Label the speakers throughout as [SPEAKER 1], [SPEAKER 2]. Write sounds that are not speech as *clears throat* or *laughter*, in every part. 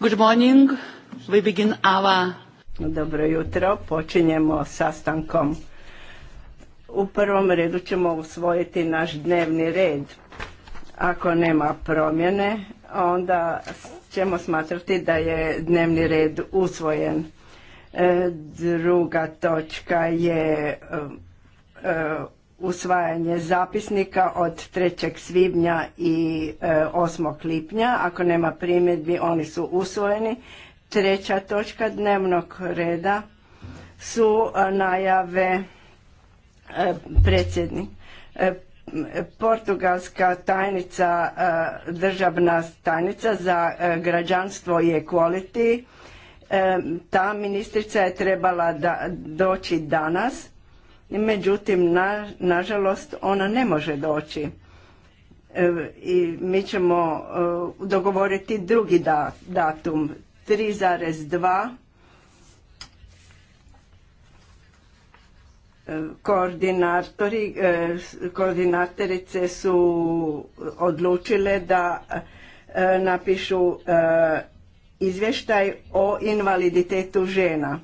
[SPEAKER 1] Good morning. Dobro jutro, počinjemo sastankom. U prvom redu ćemo usvojiti naš dnevni red. Ako nema promjene, onda ćemo smatrati da je dnevni red usvojen. E, druga točka je e, e, usvajanje zapisnika od 3. svibnja i 8. E, lipnja. Ako nema primjedbi, oni su usvojeni. Treća točka dnevnog reda su e, najave e, predsjednik. Portugalska tajnica, državna tajnica za građanstvo i equality. Ta ministrica je trebala da doći danas međutim nažalost ona ne može doći e, i mi ćemo e, dogovoriti drugi datum 3,2 e, koordinatori koordinatorice su odlučile da napišu izvještaj o invaliditetu žena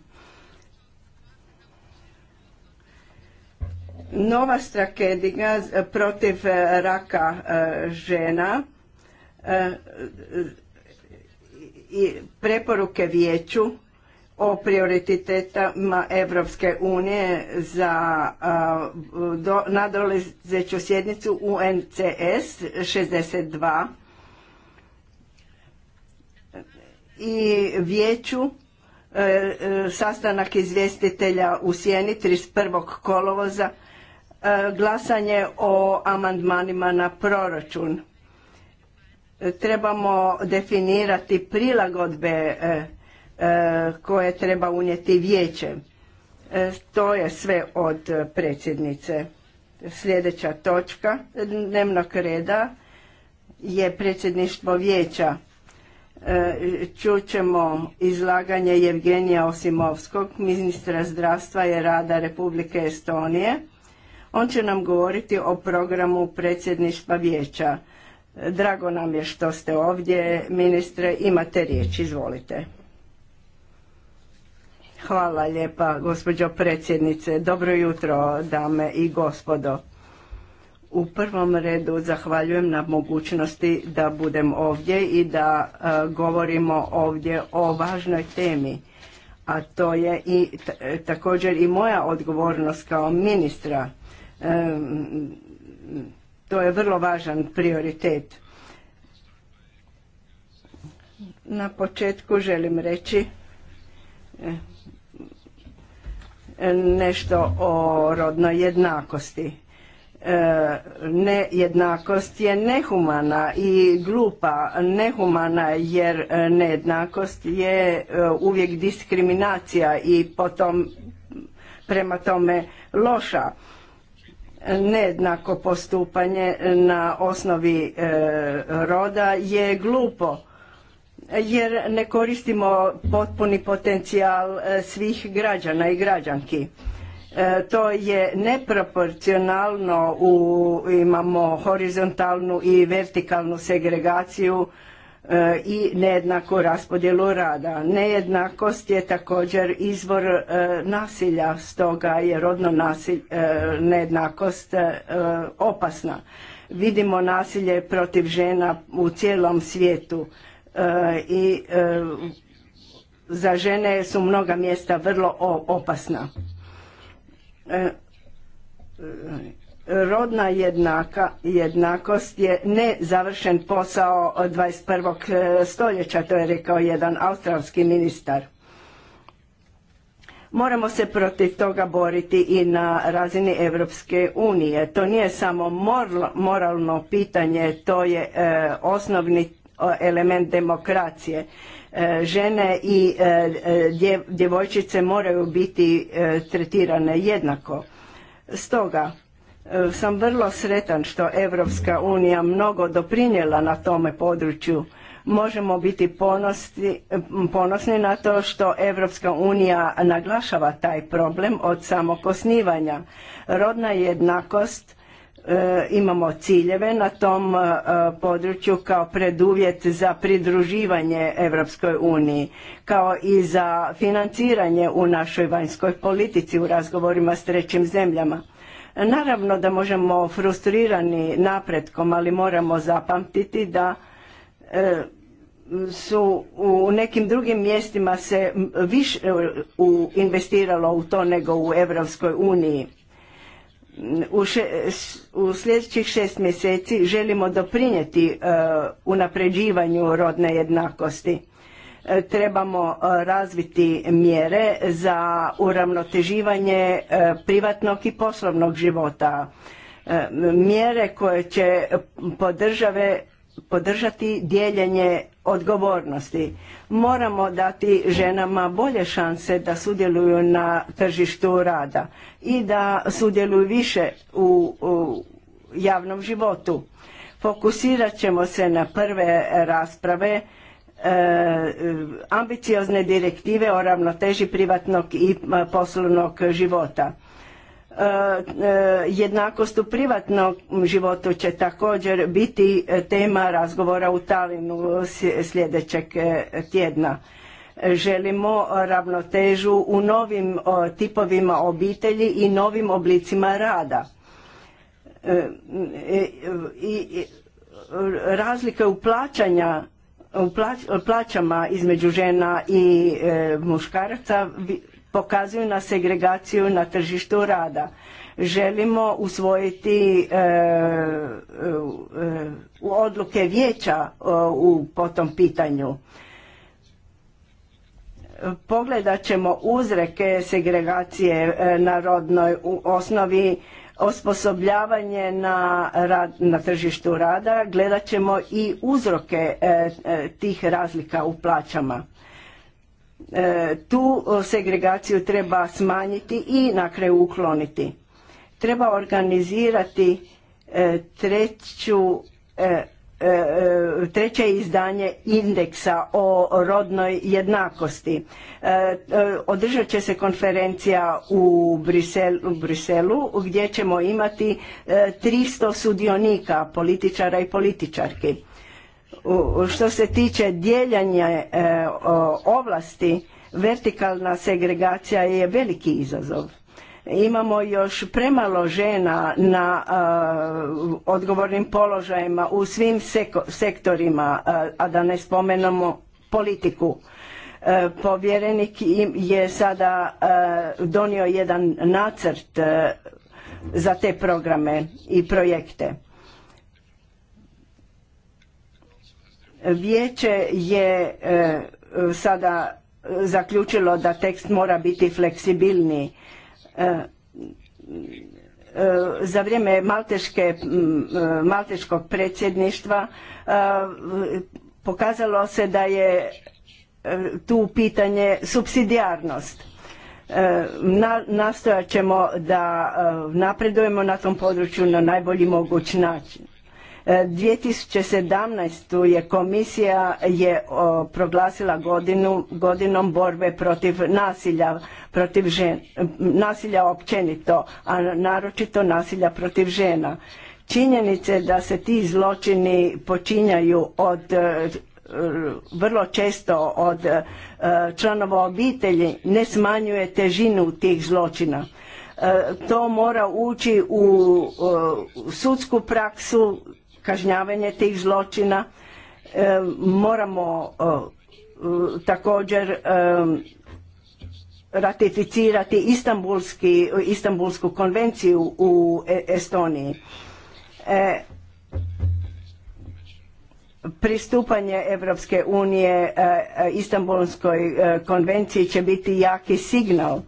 [SPEAKER 1] Nova strategija eh, protiv eh, raka eh, žena i preporuke vijeću o prioritetama Evropske unije za nadolazeću sjednicu UNCS 62 i vijeću sastanak izvjestitelja u Sjeni 31. kolovoza E, glasanje o amandmanima na proračun. E, trebamo definirati prilagodbe e, koje treba unijeti vijeće. To je sve od predsjednice. Sljedeća točka dnevnog reda je predsjedništvo vijeća. Čućemo izlaganje Evgenija Osimovskog, ministra zdravstva i rada Republike Estonije on će nam govoriti o programu predsjedništva vijeća. Drago nam je što ste ovdje, ministre, imate riječ, izvolite. Hvala lijepa, gospođo predsjednice. Dobro jutro, dame i gospodo. U prvom redu zahvaljujem na mogućnosti da budem ovdje i da e, govorimo ovdje o važnoj temi, a to je i također i moja odgovornost kao ministra to je vrlo važan prioritet. Na početku želim reći nešto o rodnoj jednakosti. nejednakost je nehumana i glupa nehumana jer nejednakost je uvijek diskriminacija i potom prema tome loša nejednako postupanje na osnovi e, roda je glupo jer ne koristimo potpuni potencijal e, svih građana i građanki. E, to je neproporcionalno, u, imamo horizontalnu i vertikalnu segregaciju E, i nejednaku raspodjelu rada. Nejednakost je također izvor e, nasilja, stoga je rodno e, nejednakost opasna. Vidimo nasilje protiv žena u cijelom svijetu i za žene su mnoga mjesta vrlo opasna rodna jednakost je nezavršen posao 21. E, stoljeća, to je rekao jedan australski ministar. Moramo se protiv toga boriti i na razini Europske unije. To nije samo moralno pitanje, to je e, osnovni element demokracije. E, žene i djevojčice moraju biti tretirane jednako. Stoga, E, sam vrlo sretan što Europska unija mnogo doprinijela na tome području. Možemo biti ponosni, na to što Europska unija naglašava taj problem od samog osnivanja. Rodna jednakost, e, imamo ciljeve na tom e, području kao preduvjet za pridruživanje europskoj uniji, kao i za financiranje u našoj vanjskoj politici u razgovorima s trećim zemljama Naravno da možemo frustrirani napretkom, ali moramo zapamtiti da e, su u nekim drugim mjestima se više e, investiralo u to nego u Europskoj uniji. U, sljedećih šest mjeseci želimo doprinijeti u e, unapređivanju rodne jednakosti E, trebamo e, razviti mjere za uravnoteživanje e, privatnog i poslovnog života. Mjere koje će podržave podržati dijeljenje odgovornosti. Moramo dati ženama bolje šanse da sudjeluju na tržištu rada i da sudjeluju više u, u javnom životu. Fokusirat ćemo se na prve rasprave E, ambiciozne direktive o ravnoteži privatnog i e, poslovnog života. E, jednakost u privatnom životu će također biti tema razgovora u Talinu sljedećeg tjedna. Želimo ravnotežu u novim tipovima obitelji i novim oblicima rada. I razlike u plaćanja u plaćama između žena i e, muškaraca pokazuju na segregaciju na tržištu rada. Želimo usvojiti e, e, odluke vijeća u po tom pitanju pogledat ćemo uzreke segregacije na rodnoj osnovi osposobljavanje na, na tržištu rada, gledat ćemo i uzroke e, e, tih razlika u plaćama. E, tu segregaciju treba smanjiti i na kraju ukloniti. Treba organizirati treću E, e, treće izdanje indeksa o rodnoj jednakosti. E, održat će se konferencija u Briselu gdje ćemo imati 300 sudionika, političara i političarki. Što se tiče dijeljanja ovlasti, vertikalna segregacija je veliki izazov Imamo još premalo žena na odgovornim položajima u svim sektorima, a da ne spomenemo politiku. E, povjerenik je sada e, donio jedan nacrt e, za te programe i projekte. Vijeće je sada zaključilo da tekst mora biti fleksibilniji E, e, za vrijeme e, malteškog predsjedništva pokazalo se da je tu pitanje subsidijarnost. nastojat ćemo da napredujemo na tom području na najbolji mogući način. 2017. je komisija je proglasila godinom borbe protiv nasilja, protiv nasilja općenito, a naročito nasilja protiv žena. Činjenice da se ti zločini počinjaju od e, vrlo često od e, članova obitelji ne smanjuje težinu tih zločina. E, to mora ući u sudsku praksu kažnjavanje tih zločina. E, moramo e, e, također ratificirati Istanbulsku konvenciju u Estoniji. pristupanje Europske unije Istanbulskoj konvenciji će biti jaki signal.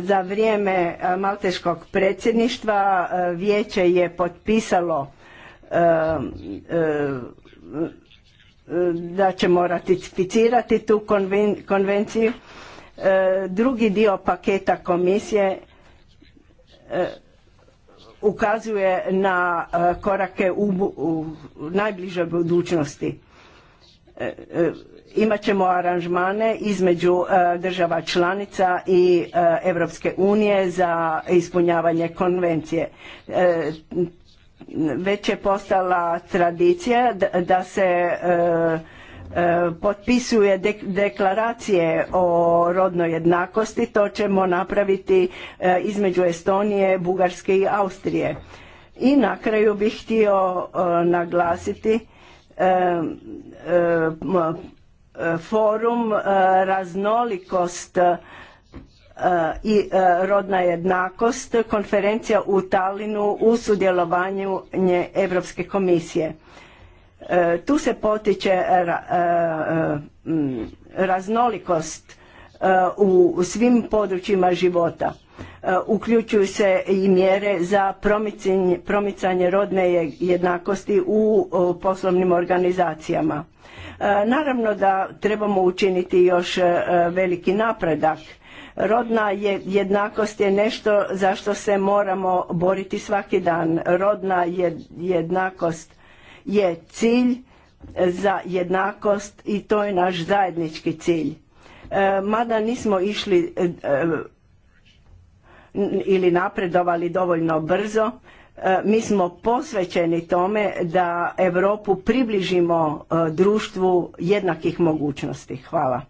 [SPEAKER 1] Za vrijeme Malteškog predsjedništva vijeće je potpisalo E, e, e, da ćemo ratificirati tu konvenciju. Drugi dio paketa komisije ukazuje na korake u, najbližoj budućnosti. Imat ćemo aranžmane između država članica i Europske unije za ispunjavanje konvencije već je postala tradicija da se e, e, potpisuje deklaracije o rodnoj jednakosti, to ćemo napraviti e, između Estonije, Bugarske i Austrije. I na kraju bih htio naglasiti forum raznolikost i e, rodna jednakost, konferencija u Talinu u sudjelovanju Europske komisije. E, tu se potiče e, raznolikost u svim područjima života. Uključuju se i mjere za promicanje rodne jednakosti u poslovnim organizacijama. Naravno da trebamo učiniti još veliki napredak Rodna jednakost je nešto za što se moramo boriti svaki dan. Rodna jednakost je cilj za jednakost i to je naš zajednički cilj. E, mada nismo išli e, e, ili napredovali dovoljno brzo, mi smo posvećeni tome da Europu približimo društvu jednakih mogućnosti. Hvala.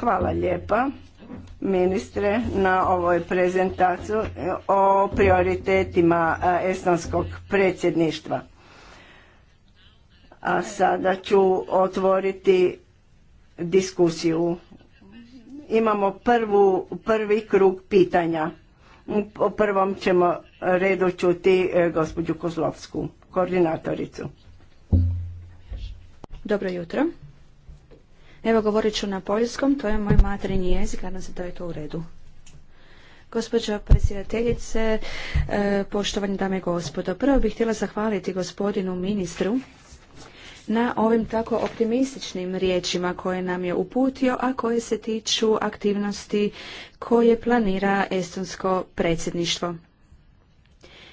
[SPEAKER 1] Hvala lijepa ministre na ovoj prezentaciji o prioritetima e, estonskog predsjedništva. A sada ću otvoriti diskusiju. Imamo prvu, prvi krug pitanja. u prvom ćemo redu čuti e, gospođu Kozlovsku, koordinatoricu.
[SPEAKER 2] Dobro jutro. Evo govorit ću na poljskom, to je moj materinji jezik, nadam se da je to u redu. Gospođo predsjedateljice, e, poštovane dame i gospodo, prvo bih htjela zahvaliti gospodinu ministru na ovim tako optimističnim riječima koje nam je uputio, a koje se tiču aktivnosti koje planira estonsko predsjedništvo.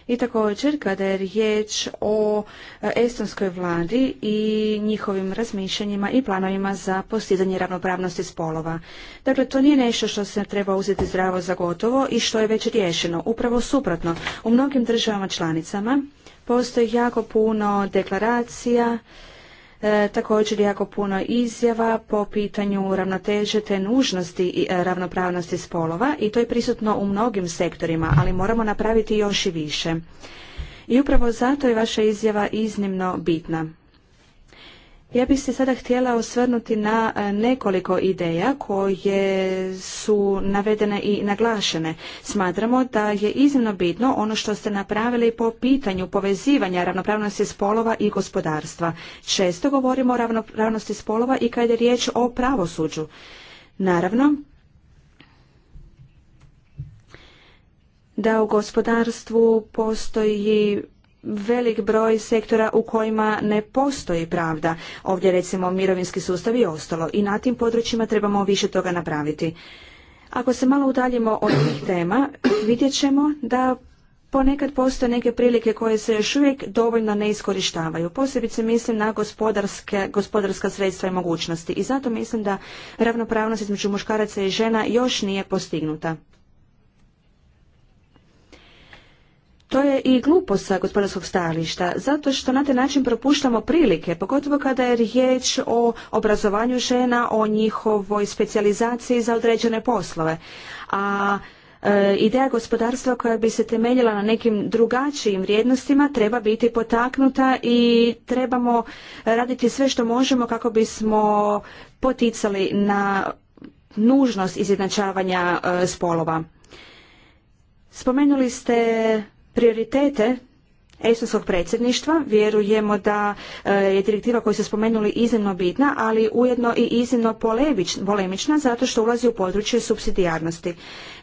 [SPEAKER 2] I također kada je riječ o e, estonskoj vladi i njihovim razmišljanjima i planovima za postizanje ravnopravnosti spolova. Dakle, to nije nešto što se treba uzeti zdravo za gotovo i što je već riješeno. Upravo suprotno, u mnogim državama članicama postoji jako puno deklaracija, E, također jako puno izjava po pitanju ravnoteže te nužnosti i e, ravnopravnosti spolova i to je prisutno u mnogim sektorima, ali moramo napraviti još i više. I upravo zato je vaša izjava iznimno bitna. Ja bih se sada htjela osvrnuti na e, nekoliko ideja koje su navedene i naglašene. Smatramo da je iznimno bitno ono što ste napravili po pitanju povezivanja ravnopravnosti spolova i gospodarstva. Često govorimo o ravnopravnosti spolova i kada je riječ o pravosuđu. Naravno, da u gospodarstvu postoji velik broj sektora u kojima ne postoji pravda. Ovdje recimo mirovinski sustav i ostalo. I na tim područjima trebamo više toga napraviti. Ako se malo udaljimo od tih tema, vidjet ćemo da ponekad postoje neke prilike koje se još uvijek dovoljno ne iskorištavaju. Posebice mislim na gospodarske, gospodarska sredstva i mogućnosti. I zato mislim da ravnopravnost između muškaraca i žena još nije postignuta. To je i glupo sa gospodarskog stajališta, zato što na taj način propuštamo prilike, pogotovo kada je riječ o obrazovanju žena, o njihovoj specijalizaciji za određene poslove. A e, ideja gospodarstva koja bi se temeljila na nekim drugačijim vrijednostima treba biti potaknuta i trebamo raditi sve što možemo kako bismo poticali na nužnost izjednačavanja e, spolova. Spomenuli ste prioritete estonskog predsjedništva. Vjerujemo da e, je direktiva koju ste spomenuli iznimno bitna, ali ujedno i iznimno polemična zato što ulazi u područje supsidijarnosti.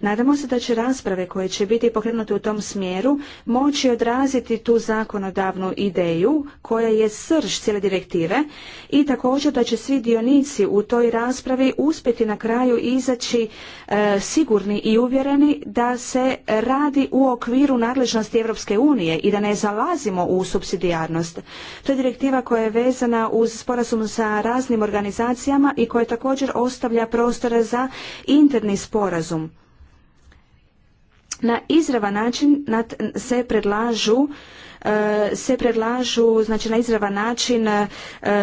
[SPEAKER 2] Nadamo se da će rasprave koje će biti pokrenute u tom smjeru moći odraziti tu zakonodavnu ideju koja je srž cijele direktive i također da će svi dionici u toj raspravi uspjeti na kraju izaći e, sigurni i uvjereni da se radi u okviru nadležnosti Europske unije i da ne zalazimo u subsidijarnost. To je direktiva koja je vezana uz sporazum sa raznim organizacijama i koja također ostavlja prostore za interni sporazum. Na izravan način se predlažu se predlažu znači na izravan način e,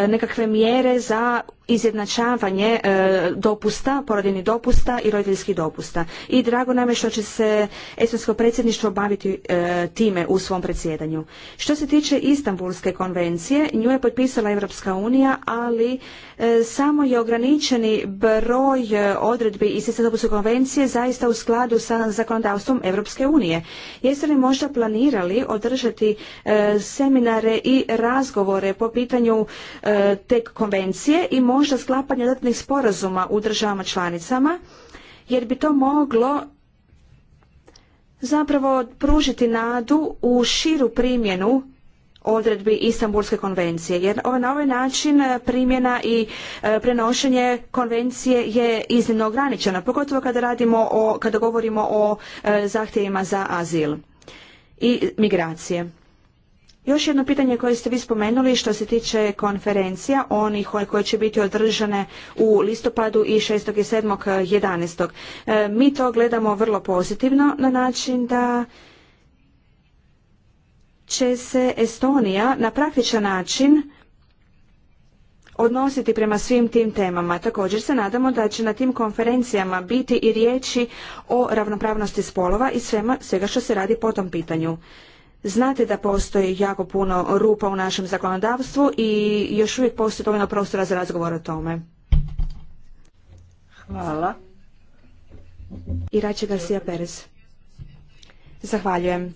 [SPEAKER 2] nekakve mjere za izjednačavanje e, dopusta, porodini dopusta i roditeljskih dopusta. I drago nam je što će se estonsko predsjedništvo baviti e, time u svom predsjedanju. Što se tiče Istanbulske konvencije, nju je potpisala Europska unija, ali samo je ograničeni broj odredbi iz Istanbulske konvencije zaista u skladu sa zakonodavstvom Europske unije. Jeste li možda planirali održati E, seminare i razgovore po pitanju e, te konvencije i možda sklapanja dodatnih sporazuma u državama članicama jer bi to moglo zapravo pružiti nadu u širu primjenu odredbi Istanbulske konvencije jer na ovaj način e, primjena i prenošenje konvencije je iznimno ograničena pogotovo kada radimo o, kada govorimo o zahtjevima za azil i migracije. Još jedno pitanje koje ste vi spomenuli što se tiče konferencija, onih koje će biti održane u listopadu i 6. i 7. 11. Eh, eh, mi to gledamo vrlo pozitivno na način da će se Estonija na praktičan način odnositi prema svim tim temama. Također se nadamo da će na tim konferencijama biti i riječi o ravnopravnosti spolova i svema, svega što se radi po tom pitanju. Znate da postoji jako puno rupa u našem zakonodavstvu i još uvijek postoji dovoljno prostora za razgovor o tome. Hvala. Irače Garcia Perez. Zahvaljujem.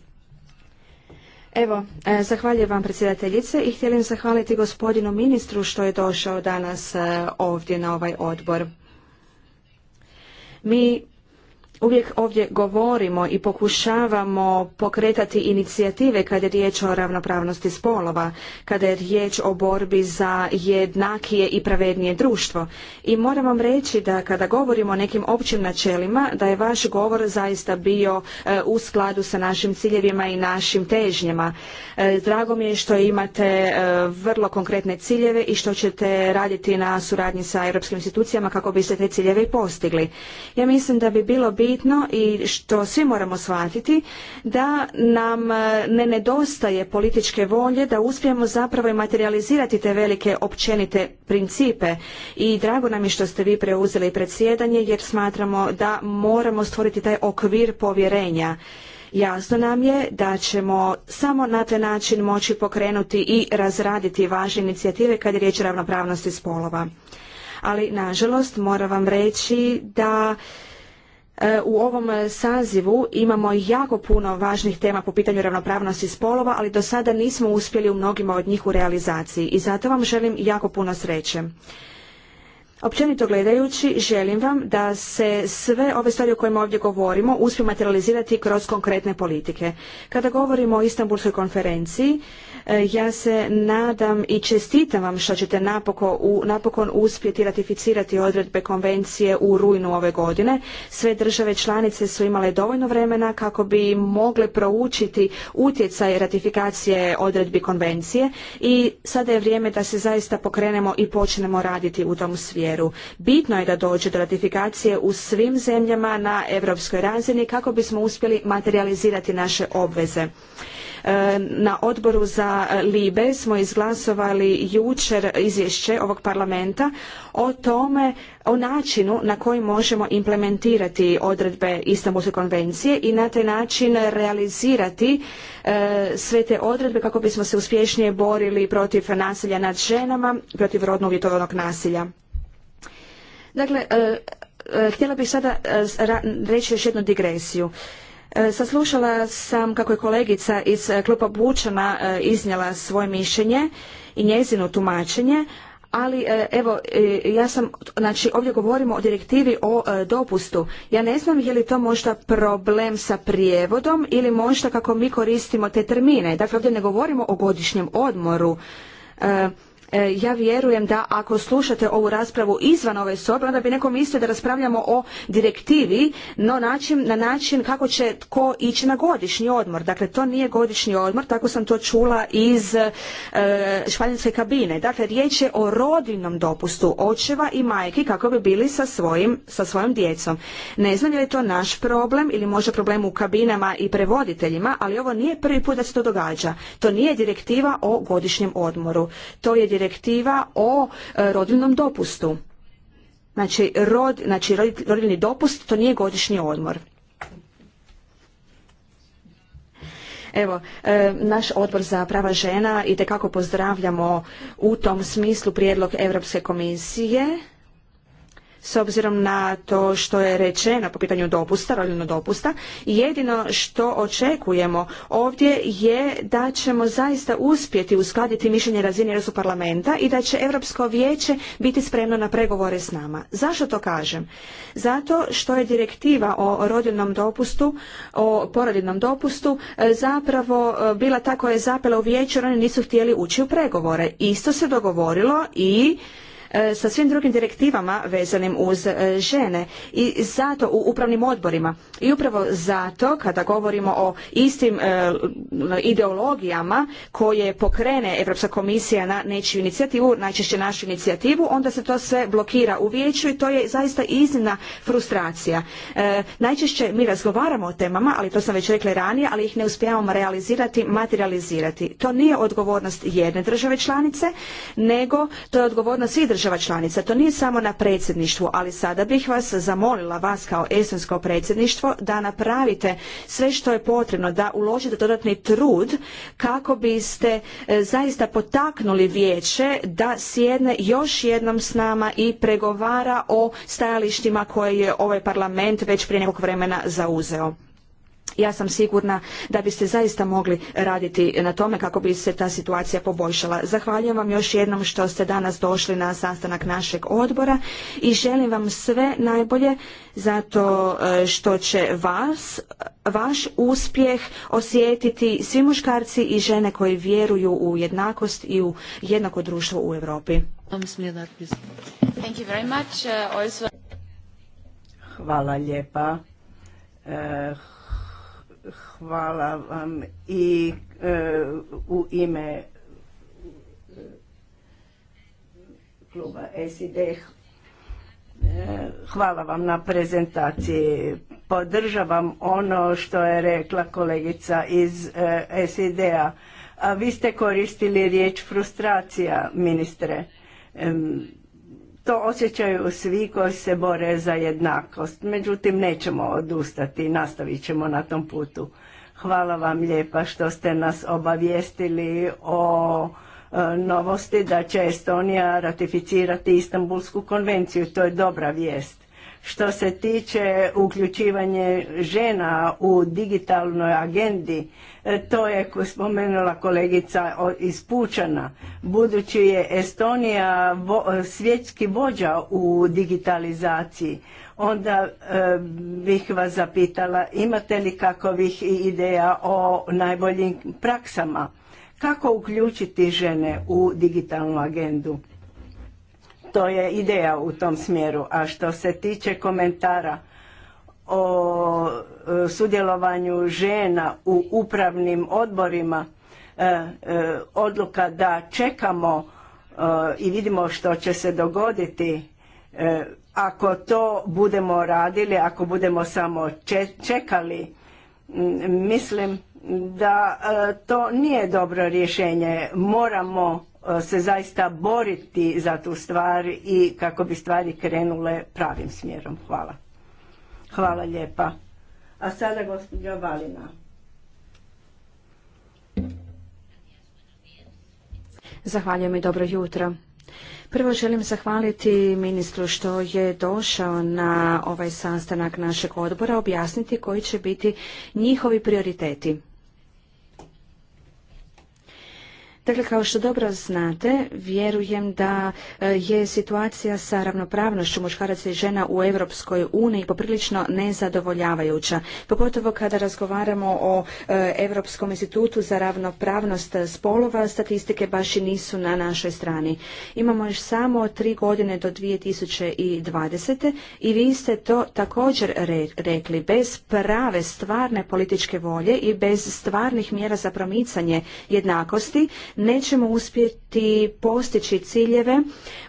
[SPEAKER 2] Evo, e, zahvaljujem vam predsjedateljice i htjelim zahvaliti gospodinu ministru što je došao danas e, ovdje na ovaj odbor. Mi uvijek ovdje govorimo i pokušavamo pokretati inicijative kada je riječ o ravnopravnosti spolova, kada je riječ o borbi za jednakije i pravednije društvo. I moram vam reći da kada govorimo o nekim općim načelima, da je vaš govor zaista bio e, u skladu sa našim ciljevima i našim težnjama. E, drago mi je što imate e, vrlo konkretne ciljeve i što ćete raditi na suradnji sa europskim institucijama kako biste te ciljeve i postigli. Ja mislim da bi bilo bi bitno i što svi moramo shvatiti da nam e, ne nedostaje političke volje da uspijemo zapravo i materializirati te velike općenite principe i drago nam je što ste vi preuzeli predsjedanje jer smatramo da moramo stvoriti taj okvir povjerenja. Jasno nam je da ćemo samo na taj način moći pokrenuti i razraditi važne inicijative kad je riječ o ravnopravnosti spolova. Ali, nažalost, moram vam reći da E, u ovom sazivu imamo jako puno važnih tema po pitanju ravnopravnosti spolova, ali do sada nismo uspjeli u mnogima od njih u realizaciji i zato vam želim jako puno sreće. Općenito gledajući, želim vam da se sve ove stvari o kojima ovdje govorimo uspiju materializirati kroz konkretne politike. Kada govorimo o Istanbulskoj konferenciji, E, ja se nadam i čestitam vam što ćete napokon, uspjeti ratificirati odredbe konvencije u rujnu ove godine. Sve države članice su imale dovoljno vremena kako bi mogle proučiti utjecaj ratifikacije odredbi konvencije i sada je vrijeme da se zaista pokrenemo i počnemo raditi u tom smjeru. Bitno je da dođe do ratifikacije u svim zemljama na europskoj razini kako bismo uspjeli materializirati naše obveze. E, na odboru za e, Libe smo izglasovali jučer izvješće ovog parlamenta o tome, o načinu na koji možemo implementirati odredbe Istanbulske konvencije i na taj način realizirati e, sve te odredbe kako bismo se uspješnije borili protiv nasilja nad ženama, protiv rodno uvjetovanog nasilja. Dakle, Htjela bih sada reći još jednu digresiju. E, saslušala sam kako je kolegica iz e, kluba Bučana e, iznijela svoje mišljenje i njezino tumačenje, ali evo ja sam, znači ovdje govorimo o direktivi o dopustu. Ja ne znam je li to možda problem sa prijevodom ili možda kako mi koristimo te termine. Dakle, ovdje ne govorimo o godišnjem odmoru. E, ja vjerujem da ako slušate ovu raspravu izvan ove sobe, onda bi neko mislio da raspravljamo o direktivi, no način, na način kako će tko ići na godišnji odmor. Dakle, to nije godišnji odmor, tako sam to čula iz e, španjolske kabine. Dakle, riječ je o rodilnom dopustu očeva i majki kako bi bili sa, svojim, sa svojom djecom. Ne znam je li to naš problem ili možda problem u kabinama i prevoditeljima, ali ovo nije prvi put da se to događa. To nije direktiva o godišnjem odmoru. To je direktiva o e, rodiljnom dopustu. Znači, rod, znači rodiljni dopust to nije godišnji odmor. Evo, e, naš odbor za prava žena i tekako pozdravljamo u tom smislu prijedlog Europske komisije s obzirom na to što je rečeno po pitanju dopusta, roljeno dopusta. Jedino što očekujemo ovdje je da ćemo zaista uspjeti uskladiti mišljenje razine Europskog parlamenta i da će Europsko vijeće biti spremno na pregovore s nama. Zašto to kažem? Zato što je direktiva o rodilnom dopustu, o porodiljnom dopustu e, zapravo e, bila ta koja je zapela u vijeću jer oni nisu htjeli ući u pregovore. Isto se dogovorilo i E, sa svim drugim direktivama vezanim uz e, žene i zato u upravnim odborima. I upravo zato kada govorimo o istim e, ideologijama koje pokrene Europska komisija na nečiju inicijativu, najčešće našu inicijativu, onda se to sve blokira u vijeću i to je zaista iznimna frustracija. najčešće mi razgovaramo o temama, ali to sam već rekla ranije, ali ih ne uspijevamo realizirati, materializirati. To nije odgovornost jedne države članice, nego to je odgovornost svih država država članica. To nije samo na predsjedništvu, ali sada bih vas zamolila, vas kao estonsko predsjedništvo, da napravite sve što je potrebno, da uložite dodatni trud kako biste e, zaista potaknuli vijeće da sjedne još jednom s nama i pregovara o stajalištima koje je ovaj parlament već prije nekog vremena zauzeo ja sam sigurna da biste zaista mogli raditi na tome kako bi se ta situacija poboljšala. Zahvaljujem vam još jednom što ste danas došli na sastanak našeg odbora i želim vam sve najbolje zato e, što će vas, vaš uspjeh osjetiti svi muškarci i žene koji vjeruju u jednakost i u jednako društvo u Europi. Uh,
[SPEAKER 1] Hvala lijepa. E, Hvala vam i e, u ime e, kluba SID. E, hvala vam na prezentaciji. Podržavam ono što je rekla kolegica iz sid A vi ste koristili riječ frustracija, ministre. To osjećaju svi koji se bore za jednakost. Međutim, nećemo odustati, nastavit ćemo na tom putu. Hvala vam lijepa što ste nas obavijestili o e, novosti da će Estonija ratificirati Istanbulsku konvenciju. To je dobra vijest. Što se tiče uključivanje žena u digitalnoj agendi, e, to je spomenula kolegica iz Pučana. Budući je Estonija e, svjetski vođa u digitalizaciji, onda e, bih vas zapitala imate li kakovih ideja o najboljim praksama? Kako uključiti žene u digitalnu agendu? to je ideja u tom smjeru. A što se tiče komentara o e, sudjelovanju žena u upravnim odborima, e, e, odluka da čekamo i vidimo što će se dogoditi ako to budemo radili, ako budemo samo čekali, mislim da to nije dobro rješenje. Moramo se zaista boriti za tu stvar i kako bi stvari krenule pravim smjerom. Hvala.
[SPEAKER 2] Hvala lijepa.
[SPEAKER 1] A sada gospođa Valina.
[SPEAKER 2] Zahvaljujem i dobro jutro. Prvo želim zahvaliti ministru što je došao na ovaj sastanak našeg odbora objasniti koji će biti njihovi prioriteti. Dakle, kao što dobro znate, vjerujem da e, je situacija sa ravnopravnošću muškaraca i žena u Europskoj uniji poprilično nezadovoljavajuća. Pogotovo kada razgovaramo o e, Europskom institutu za ravnopravnost spolova, statistike baš i nisu na našoj strani. Imamo još samo tri godine do 2020. i vi ste to također rekli. Bez prave stvarne političke volje i bez stvarnih mjera za promicanje jednakosti, nećemo uspjeti postići ciljeve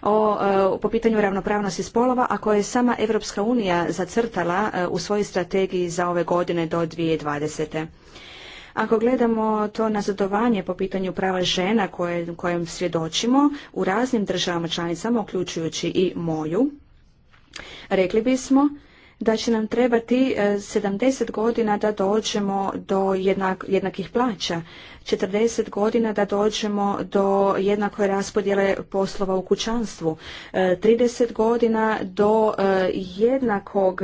[SPEAKER 2] o, e, po pitanju ravnopravnosti spolova, a koje je sama Europska unija zacrtala e, u svojoj strategiji za ove godine do 2020. Ako gledamo to nazadovanje po pitanju prava žena koje, kojem svjedočimo u raznim državama članicama, uključujući i moju, rekli bismo da će nam trebati 70 e, godina da dođemo do jednakih plaća, 40 godina da dođemo do jednakoj raspodjele poslova u kućanstvu, 30 e, godina do e, jednakog,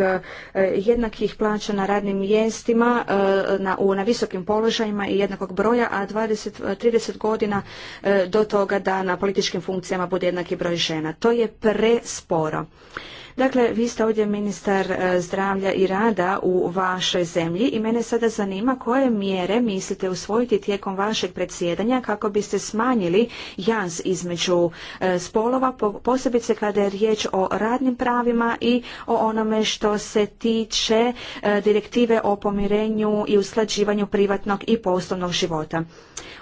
[SPEAKER 2] jednakih plaća na radnim mjestima, na, na visokim položajima i jednakog broja, a 20, 30 godina do toga da na političkim funkcijama bude jednaki broj žena. To je presporo. Dakle, vi ste ovdje ministar e, zdravlja i rada u vašoj zemlji i mene sada zanima koje mjere mislite usvojiti tijekom vašeg predsjedanja kako biste smanjili jaz između e, spolova, posebice kada je riječ o radnim pravima i o onome što se tiče e, direktive o pomirenju i usklađivanju privatnog i poslovnog života.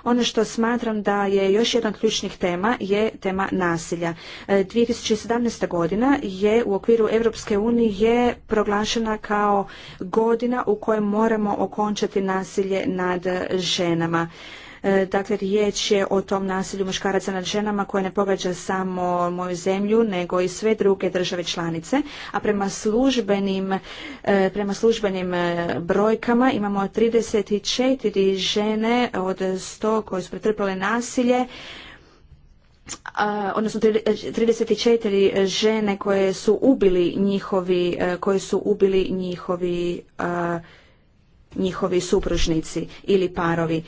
[SPEAKER 2] Ono što smatram da je još jedna od ključnih tema je tema nasilja. 2017. E, godina je u okviru Europske unije proglašena kao godina u kojoj moramo okončati nasilje nad ženama. E, dakle, riječ je o tom nasilju muškaraca nad ženama koje ne pogađa samo moju zemlju, nego i sve druge države članice. A prema službenim, e, prema službenim e, brojkama imamo 34 žene od 100 koje su pretrpale nasilje, odnosno 34 žene koje su ubili njihovi, koje su ubili njihovi njihovi supružnici ili parovi.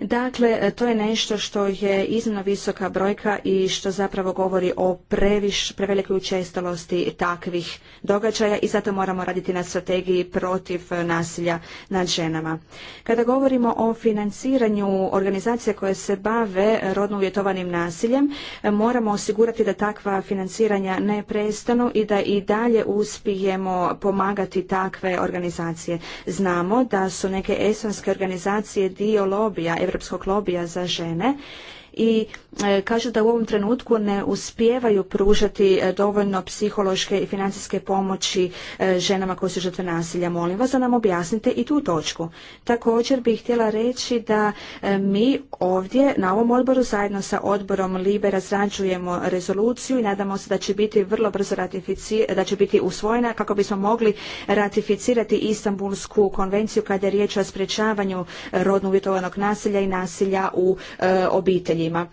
[SPEAKER 2] Dakle, to je nešto što je iznimno visoka brojka i što zapravo govori o previš, prevelikoj učestalosti takvih događaja i zato moramo raditi na strategiji protiv nasilja nad ženama. Kada govorimo o financiranju organizacije koje se bave rodno uvjetovanim nasiljem, moramo osigurati da takva financiranja ne prestanu i da i dalje uspijemo pomagati takve organizacije. Znamo da su neke esonske organizacije dio lobija europskog lobija za žene i E, kaže da u ovom trenutku ne uspijevaju pružati e, dovoljno psihološke i financijske pomoći e, ženama koje su žrtve nasilja. Molim vas da nam objasnite i tu točku. Također bih htjela reći da mi ovdje na ovom odboru zajedno sa odborom LIBE razrađujemo rezoluciju i nadamo se da će biti vrlo brzo ratificirana, da će biti usvojena kako bismo mogli ratificirati Istanbulsku konvenciju kada je riječ o sprečavanju rodno uvjetovanog nasilja i nasilja u obiteljima.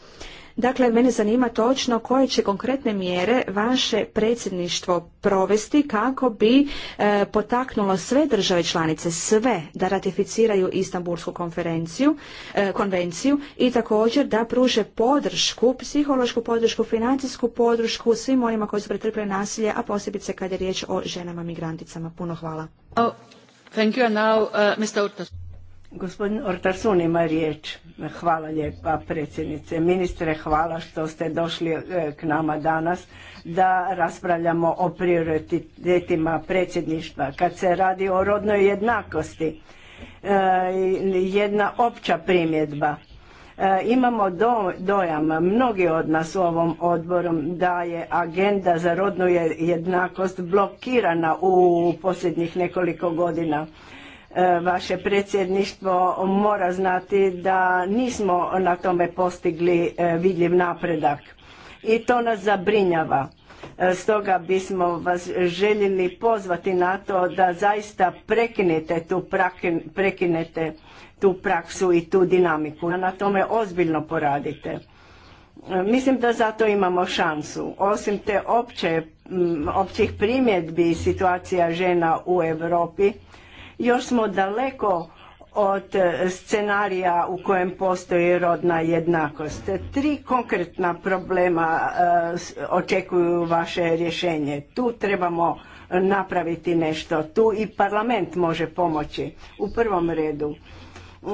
[SPEAKER 2] Dakle, mene zanima točno koje će konkretne mjere vaše predsjedništvo provesti kako bi e, potaknulo sve države članice, sve da ratificiraju Istanbulsku konferenciju, e, konvenciju i također da pruže podršku, psihološku podršku, financijsku podršku svim onima koji su pretrpili nasilje, a posebice kad je riječ o ženama migranticama. Puno hvala.
[SPEAKER 1] Oh, thank you. Now, uh, Mr. Gospodin Ortasun ima riječ. Hvala lijepa predsjednice. Ministre, hvala što ste došli e, k nama danas da raspravljamo o prioritetima predsjedništva. Kad se radi o rodnoj jednakosti, e, jedna opća primjedba. E, imamo dojam, mnogi od nas u ovom odboru, da je agenda za rodnu jednakost blokirana u posljednjih nekoliko godina E, vaše predsjedništvo mora znati da nismo na tome postigli e, vidljiv napredak i to nas zabrinjava. E, stoga bismo vas željeli pozvati na to da zaista prekinete tu, prekinete tu praksu i tu dinamiku, na tome ozbiljno poradite. Mislim da zato imamo šansu. Osim te opće, općih primjedbi situacija žena u Europi, još smo daleko od e, scenarija u kojem postoji rodna jednakost. Tri konkretna problema e, očekuju vaše rješenje. Tu trebamo napraviti nešto. Tu i parlament može pomoći. U prvom redu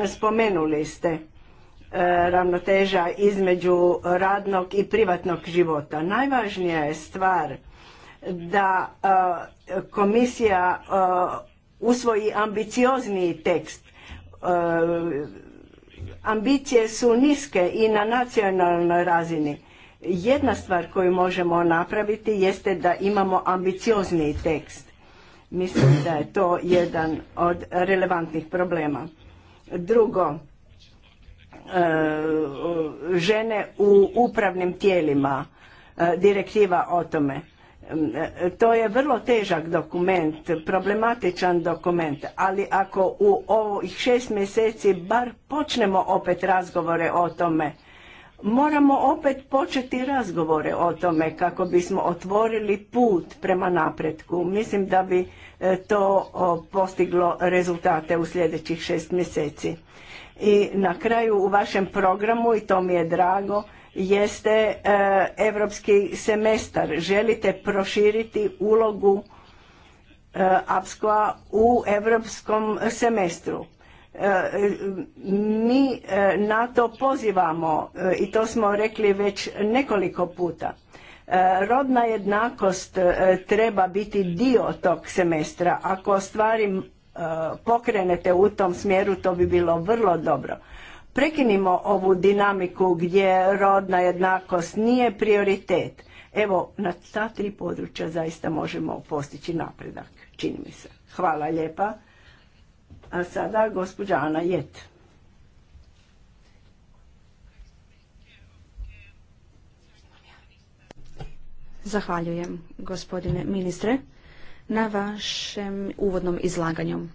[SPEAKER 1] spomenuli ste e, ravnoteža između radnog i privatnog života. Najvažnija je stvar da komisija usvoji ambiciozniji tekst. E, ambicije su niske i na nacionalnoj razini. Jedna stvar koju možemo napraviti jeste da imamo ambiciozniji tekst. Mislim da je to jedan od relevantnih problema. Drugo, e, žene u upravnim tijelima, e, direktiva o tome. To je vrlo težak dokument, problematičan dokument, ali ako u ovih šest mjeseci bar počnemo opet razgovore o tome, moramo opet početi razgovore o tome kako bismo otvorili put prema napretku. Mislim da bi e, to postiglo rezultate u sljedećih šest mjeseci. I na kraju u vašem programu, i to mi je drago, jeste europski semestar. Želite proširiti ulogu e, APSKO-a u europskom semestru. E, mi e, na to pozivamo i to smo rekli već nekoliko puta. Rodna jednakost treba biti dio tog semestra. Ako stvari pokrenete u tom smjeru, to bi bilo vrlo dobro prekinimo ovu dinamiku gdje rodna jednakost nije prioritet. Evo, na ta tri područja zaista možemo postići napredak, čini mi se. Hvala lijepa. A sada gospođa Ana Jet.
[SPEAKER 2] Zahvaljujem, gospodine ministre, na vašem uvodnom izlaganju.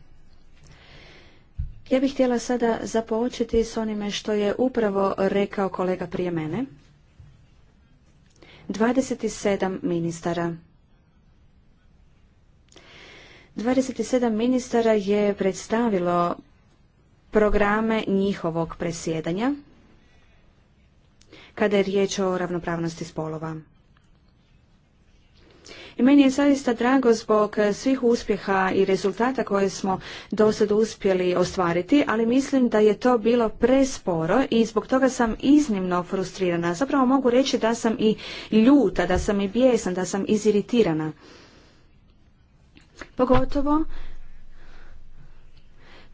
[SPEAKER 2] Ja bih htjela sada započeti s onime što je upravo rekao kolega prije mene. 27 ministara. 27 ministara je predstavilo programe njihovog presjedanja kada je riječ o ravnopravnosti spolova. I meni je zaista drago zbog eh, svih uspjeha i rezultata koje smo do sad uspjeli ostvariti, ali mislim da je to bilo presporo i zbog toga sam iznimno frustrirana. Zapravo mogu reći da sam i ljuta, da sam i bijesna, da sam iziritirana. Pogotovo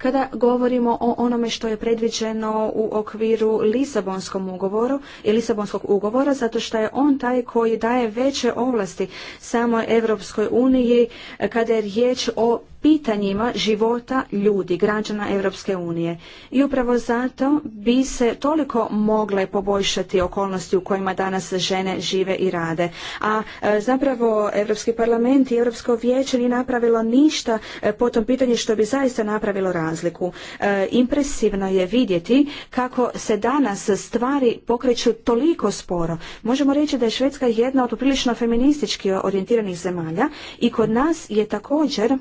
[SPEAKER 2] kada govorimo o onome što je predviđeno u okviru Lisabonskom ugovoru i Lisabonskog ugovora, zato što je on taj koji daje veće ovlasti samo Europskoj uniji kada je riječ o pitanjima života ljudi, građana Europske unije. I upravo zato bi se toliko mogle poboljšati okolnosti u kojima danas žene žive i rade. A e, zapravo Europski parlament i Europsko vijeće nije napravilo ništa e, po tom pitanju što bi zaista napravilo razliku. E, impresivno je vidjeti kako se danas stvari pokreću toliko sporo. Možemo reći da je Švedska jedna od prilično feministički orijentiranih zemalja i kod nas je također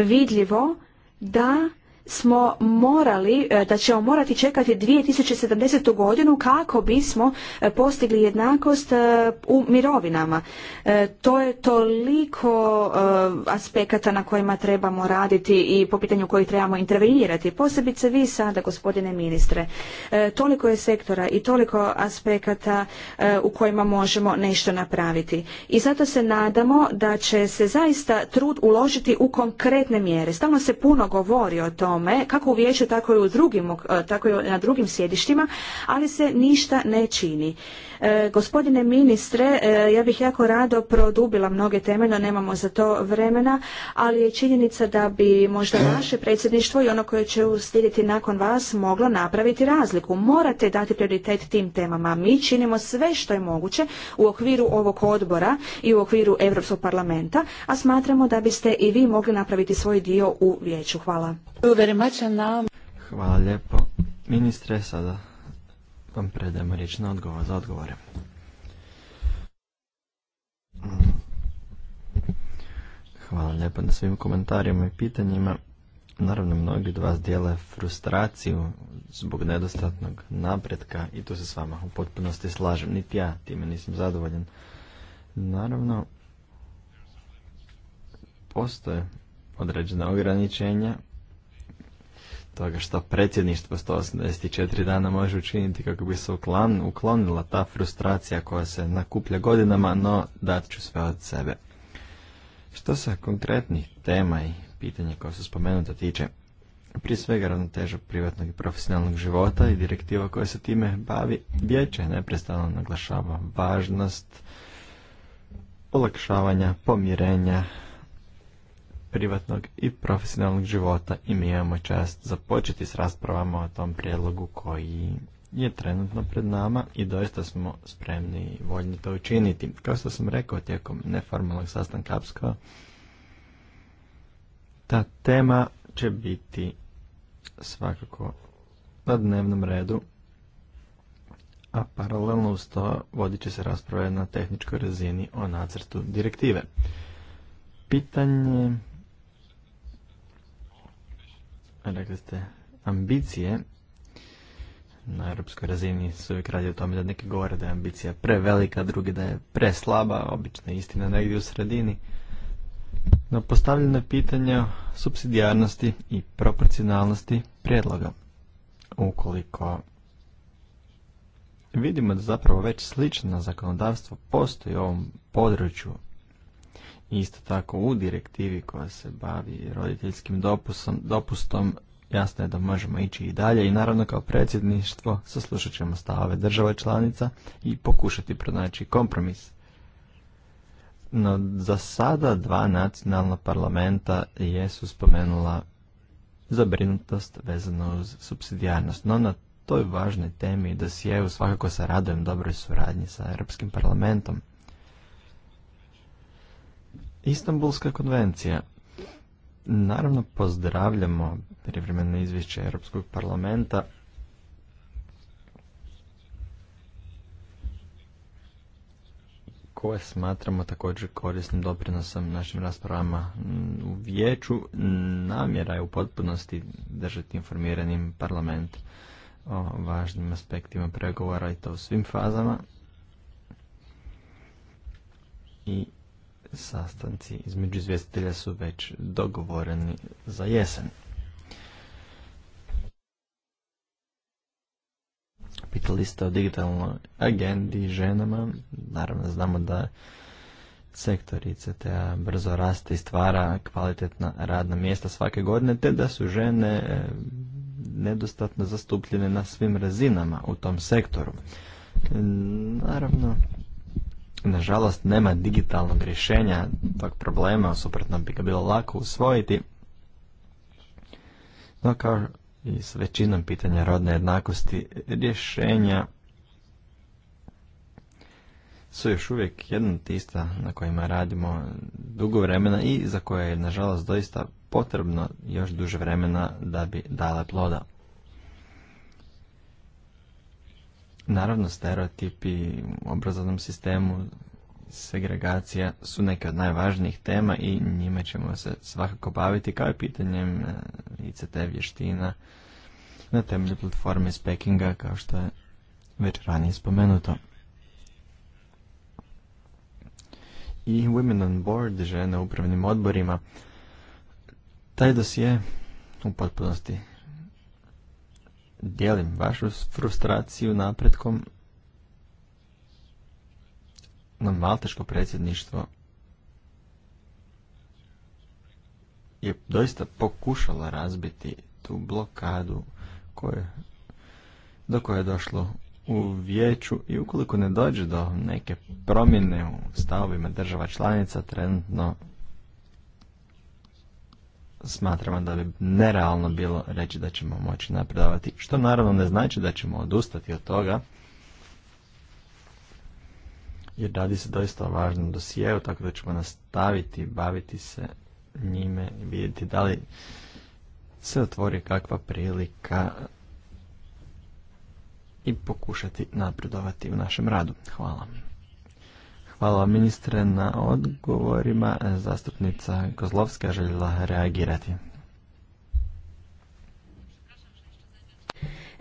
[SPEAKER 2] vidljivo da smo morali, e, da ćemo morati čekati 2070. godinu kako bismo e, postigli jednakost e, u mirovinama. To je toliko aspekata na kojima trebamo raditi i po pitanju koji trebamo intervenirati. Posebice vi sada, gospodine ministre. Toliko je sektora i toliko aspekata u kojima možemo nešto napraviti. I zato se nadamo da će se zaista trud uložiti u konkretne mjere. Stalno se puno govori o tom tome, kako u vijeću, tako i u eh, tako i na drugim sjedištima, ali se ništa ne čini. E, gospodine ministre, e, ja bih jako rado produbila mnoge teme, no nemamo za to vremena, ali je činjenica da bi možda *clears throat* vaše predsjedništvo i ono koje će uslijediti nakon vas moglo napraviti razliku. Morate dati prioritet tim temama. Mi činimo sve što je moguće u okviru ovog odbora i u okviru Europskog parlamenta, a smatramo da biste i vi mogli napraviti svoj dio u vijeću. Hvala.
[SPEAKER 3] Hvala lijepo. Ministre, sada vam predajemo riječ na odgovor za odgovore. Hvala lijepo na svim komentarima i pitanjima. Naravno, mnogi od vas dijele frustraciju zbog nedostatnog napretka i tu se s vama u potpunosti slažem. Niti ja time nisam zadovoljan. Naravno, postoje određena ograničenja toga što predsjedništvo 184 dana može učiniti kako bi se uklonila ta frustracija koja se nakuplja godinama, no dat ću sve od sebe. Što se konkretnih tema i pitanja koja su spomenuta tiče, prije svega ravnoteža privatnog i profesionalnog života i direktiva koja se time bavi, vijeće neprestano naglašava važnost olakšavanja, pomirenja, privatnog i profesionalnog života i mi imamo čast započeti s raspravama o tom prijedlogu koji je trenutno pred nama i doista smo spremni i voljni to učiniti. Kao što sam rekao tijekom neformalnog sastanka APSKO, ta tema će biti svakako na dnevnom redu, a paralelno uz to vodit će se rasprave na tehničkoj razini o nacrtu direktive. Pitanje rekli ste, ambicije na europskoj razini se uvijek radi o tome da neki govore da je ambicija prevelika, drugi da je preslaba, obična istina negdje u sredini. No postavljeno je pitanje subsidijarnosti i proporcionalnosti prijedloga. Ukoliko vidimo da zapravo već slično zakonodavstvo postoji u ovom području Isto tako u direktivi koja se bavi roditeljskim dopustom jasno je da možemo ići i dalje i naravno kao predsjedništvo saslušat ćemo stavove država članica i pokušati pronaći kompromis. No za sada dva nacionalna parlamenta jesu spomenula zabrinutost vezano uz subsidijarnost, no na toj važnoj temi da je u svakako se radojem dobroj suradnji sa Europskim parlamentom. Istanbulska konvencija. Naravno pozdravljamo privremeno izvješće Europskog parlamenta koje smatramo također korisnim doprinosom našim raspravama u vijeću. Namjera je u potpunosti držati informiranim parlament o važnim aspektima pregovora i to u svim fazama. I sastanci između izvjestitelja su već dogovoreni za jesen. Pitali ste o digitalnoj agendi i ženama. Naravno znamo da sektor ict brzo raste i stvara kvalitetna radna mjesta svake godine, te da su žene e, nedostatno zastupljene na svim razinama u tom sektoru. Naravno, nažalost nema digitalnog rješenja tog problema, suprotno bi ga bilo lako usvojiti. No kao i s većinom pitanja rodne jednakosti, rješenja su još uvijek jedna tista na kojima radimo dugo vremena i za koje je nažalost doista potrebno još duže vremena da bi dale ploda. Naravno, stereotipi u obrazovnom sistemu, segregacija su neke od najvažnijih tema i njima ćemo se svakako baviti kao i pitanjem e, ICT vještina na temelju platforme spekinga kao što je već ranije spomenuto. I Women on Board, žene u upravnim odborima, taj dosije u potpunosti dijelim vašu frustraciju napretkom, na malteško predsjedništvo je doista pokušala razbiti tu blokadu do koje je došlo u vijeću i ukoliko ne dođe do neke promjene u stavovima država članica, trenutno smatramo da bi nerealno bilo reći da ćemo moći napredovati, što naravno ne znači da ćemo odustati od toga, jer radi se doista o važnom tako da ćemo nastaviti baviti se njime i vidjeti da li se otvori kakva prilika i pokušati napredovati u našem radu. Hvala. Hvala ministre na odgovorima. Zastupnica Kozlovska željela reagirati.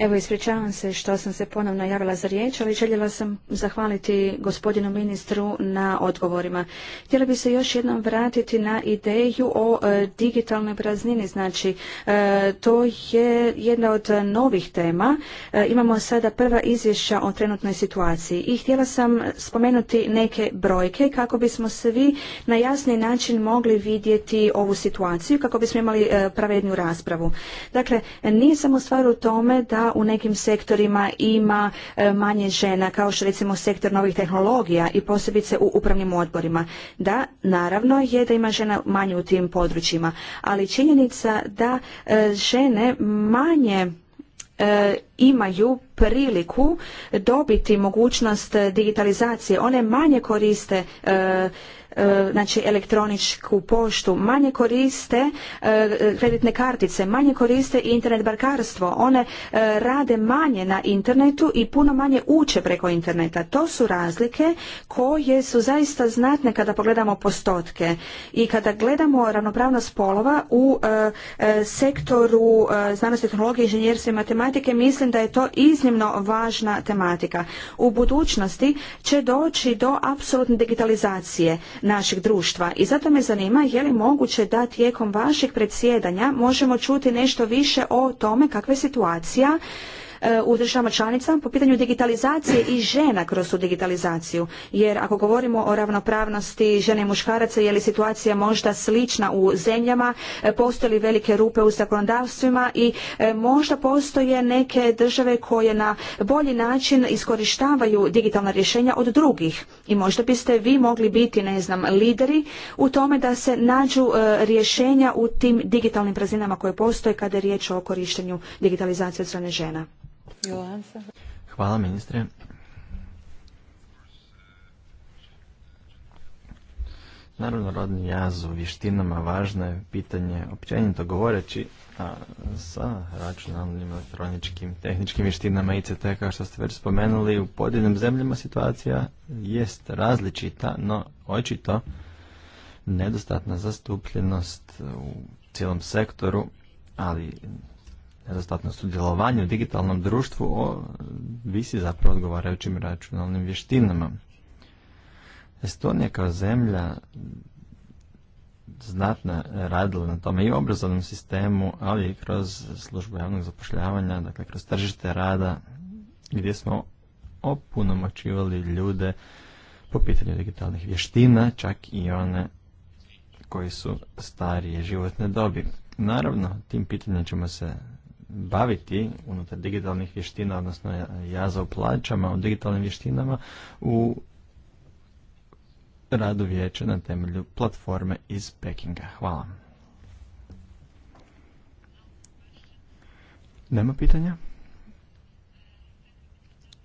[SPEAKER 2] Evo, ispričavam se što sam se ponovno javila za riječ, ali željela sam zahvaliti gospodinu ministru na odgovorima. Htjela bi se još jednom vratiti na ideju o e, digitalnoj praznini. Znači, e, to je jedna od novih tema. E, imamo sada prva izvješća o trenutnoj situaciji i htjela sam spomenuti neke brojke kako bismo svi na jasni način mogli vidjeti ovu situaciju, kako bismo imali pravedniju raspravu. Dakle, nije samo stvar u tome da u nekim sektorima ima e, manje žena, kao što recimo sektor novih tehnologija i posebice u upravnim odborima. Da, naravno je da ima žena manje u tim područjima, ali činjenica da e, žene manje e, imaju priliku dobiti mogućnost digitalizacije. One manje koriste E, znači elektroničku poštu, manje koriste e, kreditne kartice, manje koriste internet barkarstvo, one e, rade manje na internetu i puno manje uče preko interneta. To su razlike koje su zaista znatne kada pogledamo postotke i kada gledamo ravnopravnost spolova u sektoru znanosti, tehnologije, inženjerstva i matematike, mislim da je to iznimno važna tematika. U budućnosti će doći do apsolutne digitalizacije našeg društva. I zato me zanima je li moguće da tijekom vašeg predsjedanja možemo čuti nešto više o tome kakva je situacija E, u državama članicama po pitanju digitalizacije i žena kroz tu digitalizaciju. Jer ako govorimo o ravnopravnosti žene i muškaraca, je li situacija možda slična u zemljama, e, postoje li velike rupe u zakonodavstvima i e, možda postoje neke države koje na bolji način iskorištavaju digitalna rješenja od drugih. I možda biste vi mogli biti, ne znam, lideri u tome da se nađu rješenja u tim digitalnim prazinama koje postoje kada je riječ o korištenju digitalizacije od strane žena.
[SPEAKER 3] Hvala ministre. Naravno, rodni jaz u vještinama važno je pitanje, općenito govoreći, a, sa računalnim, elektroničkim, tehničkim vještinama ICT, kao što ste već spomenuli, u pojedinim zemljama situacija jest različita, no očito nedostatna zastupljenost u cijelom sektoru, ali nedostatno sudjelovanje u digitalnom društvu o visi zapravo odgovarajućim računalnim vještinama. Estonija kao zemlja znatno radila na tome i u obrazovnom sistemu, ali i kroz službu javnog zapošljavanja, dakle kroz tržište rada, gdje smo opunomačivali ljude po pitanju digitalnih vještina, čak i one koji su starije životne dobi. Naravno, tim pitanjem ćemo se baviti unutar digitalnih vještina, odnosno jaza u plaćama, u digitalnim vještinama u radu vijeća na temelju platforme iz Pekinga. Hvala. Nema pitanja?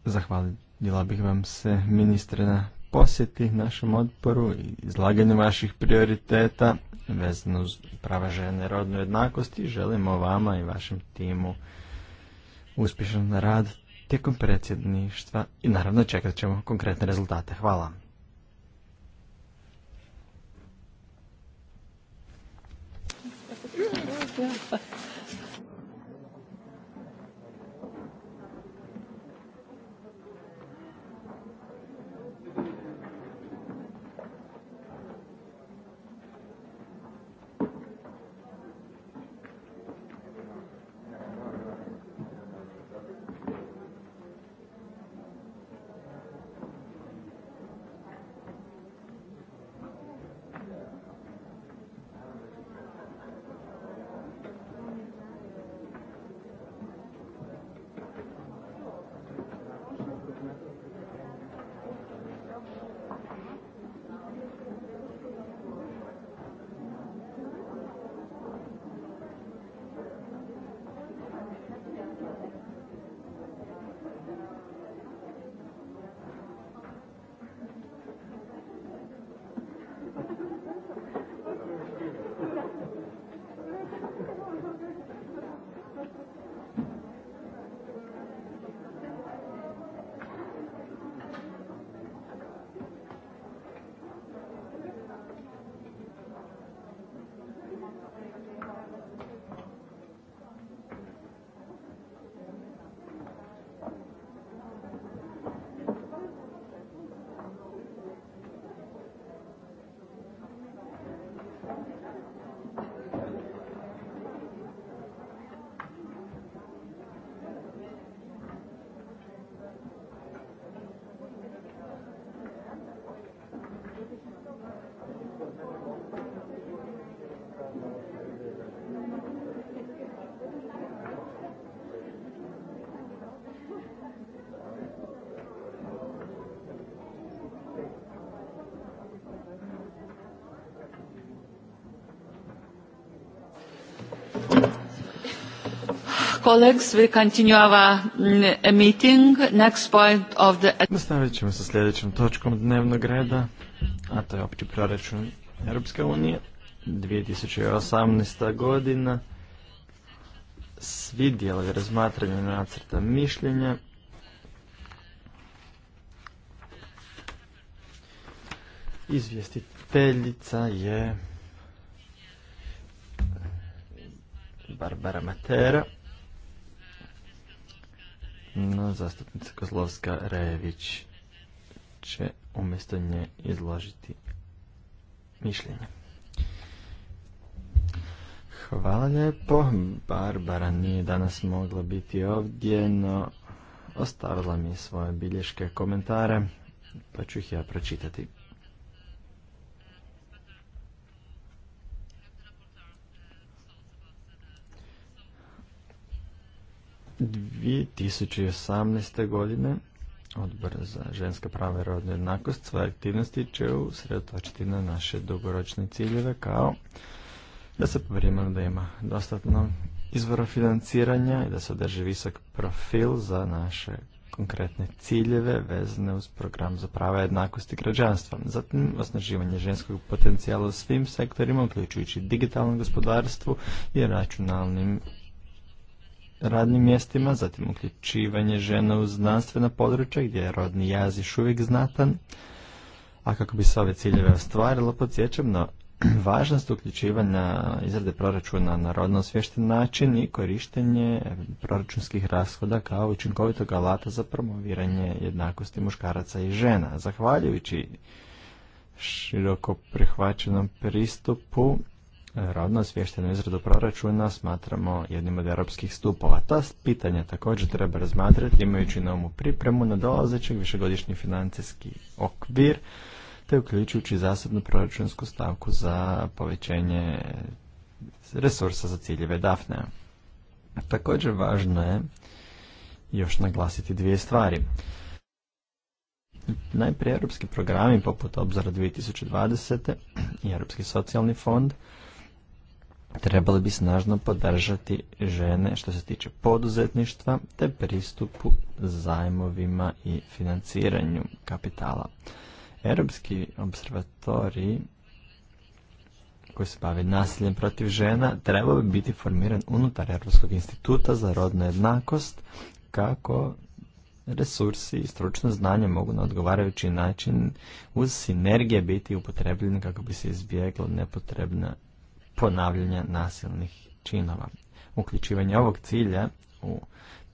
[SPEAKER 3] Zahvalila bih vam se ministre na posjeti našem odporu i izlaganju vaših prioriteta vezano uz prava žene, rodnu jednakosti, želimo vama i vašem timu uspješan rad tijekom predsjedništva i naravno čekat ćemo konkretne rezultate. Hvala.
[SPEAKER 4] *laughs*
[SPEAKER 5] colleagues, we continue mm, meeting.
[SPEAKER 3] Next point Nastavit ćemo sa sljedećom točkom dnevnog reda, a to je opći proračun Europske unije, 2018. godina. Svi dijelovi razmatranja nacrta mišljenja. Izvjestiteljica je Barbara Matera. No, zastupnica Kozlovska Rejević će umjesto nje izložiti mišljenje. Hvala lijepo. Barbara nije danas mogla biti ovdje, no ostavila mi svoje bilješke komentare, pa ću ih ja pročitati. 2018. godine Odbor za ženska prava i rodnu jednakost svoje aktivnosti će usredotočiti na naše dugoročne ciljeve kao da se pobrinemo da ima dostatno izvora financiranja i da se održi visok profil za naše konkretne ciljeve vezane uz program za prava jednakosti građanstva. Zatim, osnaživanje ženskog potencijala u svim sektorima, uključujući digitalnom gospodarstvu i računalnim radnim mjestima, zatim uključivanje žena u znanstvena područja gdje je rodni jaz još uvijek znatan, a kako bi se ove ciljeve ostvarilo, podsjećam na *clears throat* važnost uključivanja izrade proračuna na rodno osvješten način i korištenje proračunskih rashoda kao učinkovitog alata za promoviranje jednakosti muškaraca i žena. Zahvaljujući široko prihvaćenom pristupu radno svješteno izradu proračuna smatramo jednim od europskih stupova. Ta pitanja također treba razmatrati imajući na umu pripremu na dolazećeg višegodišnji financijski okvir te uključujući zasebnu proračunsku stavku za povećanje resursa za ciljeve Dafne. Također važno je još naglasiti dvije stvari. Najprije europski programi poput Obzora 2020. i Europski socijalni fond – trebali bi snažno podržati žene što se tiče poduzetništva te pristupu zajmovima i financiranju kapitala. Europski observatori koji se bavi nasiljem protiv žena trebao bi biti formiran unutar Europskog instituta za rodnu jednakost kako resursi i stručno znanje mogu na odgovarajući način uz sinergije biti upotrebljene kako bi se izbjegla nepotrebna ponavljanje nasilnih činova. Uključivanje ovog cilja u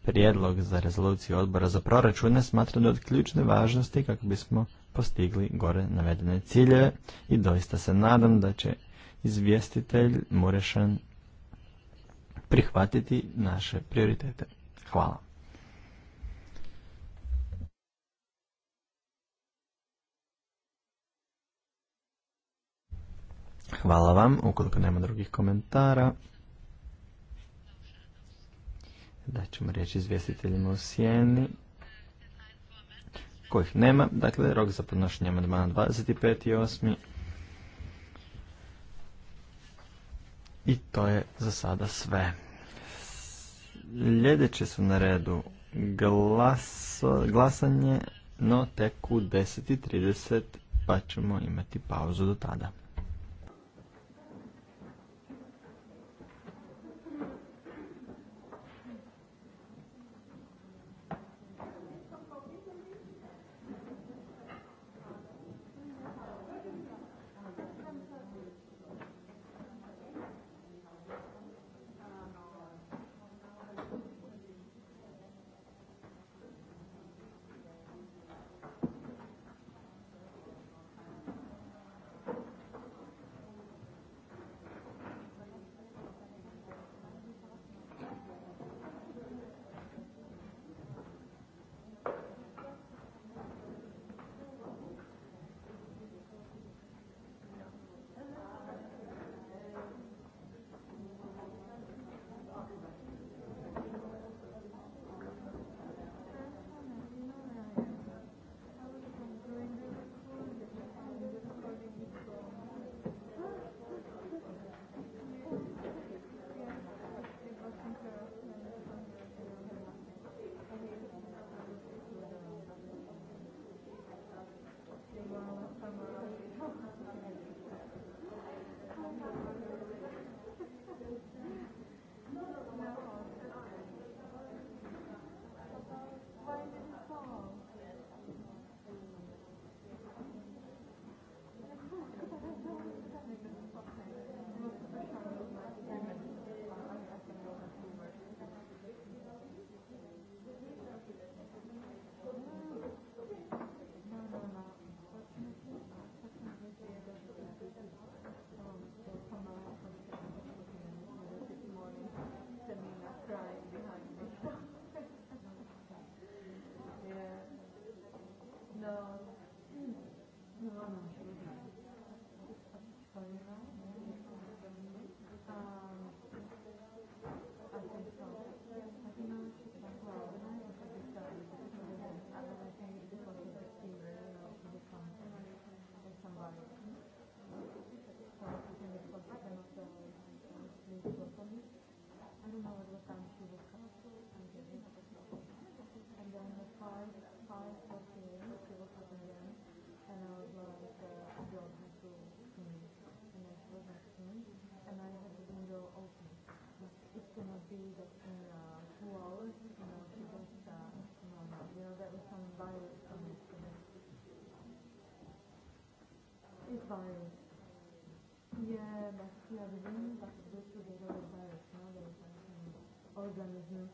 [SPEAKER 3] prijedlog za rezoluciju odbora za proračune smatra da od ključne važnosti kako bismo postigli gore navedene ciljeve i doista se nadam da će izvjestitelj Murešan prihvatiti naše prioritete. Hvala. Hvala vam, ukoliko nema drugih komentara. Da ćemo riječ izvjestiteljima u sjeni kojih nema. Dakle, rok za podnošenje amandmana 25.8. I to je za sada sve. Ljedeće su na redu glasanje, no tek u 10.30 pa ćemo imati pauzu do tada.
[SPEAKER 6] No,
[SPEAKER 5] je Yeah, bacteria, the organism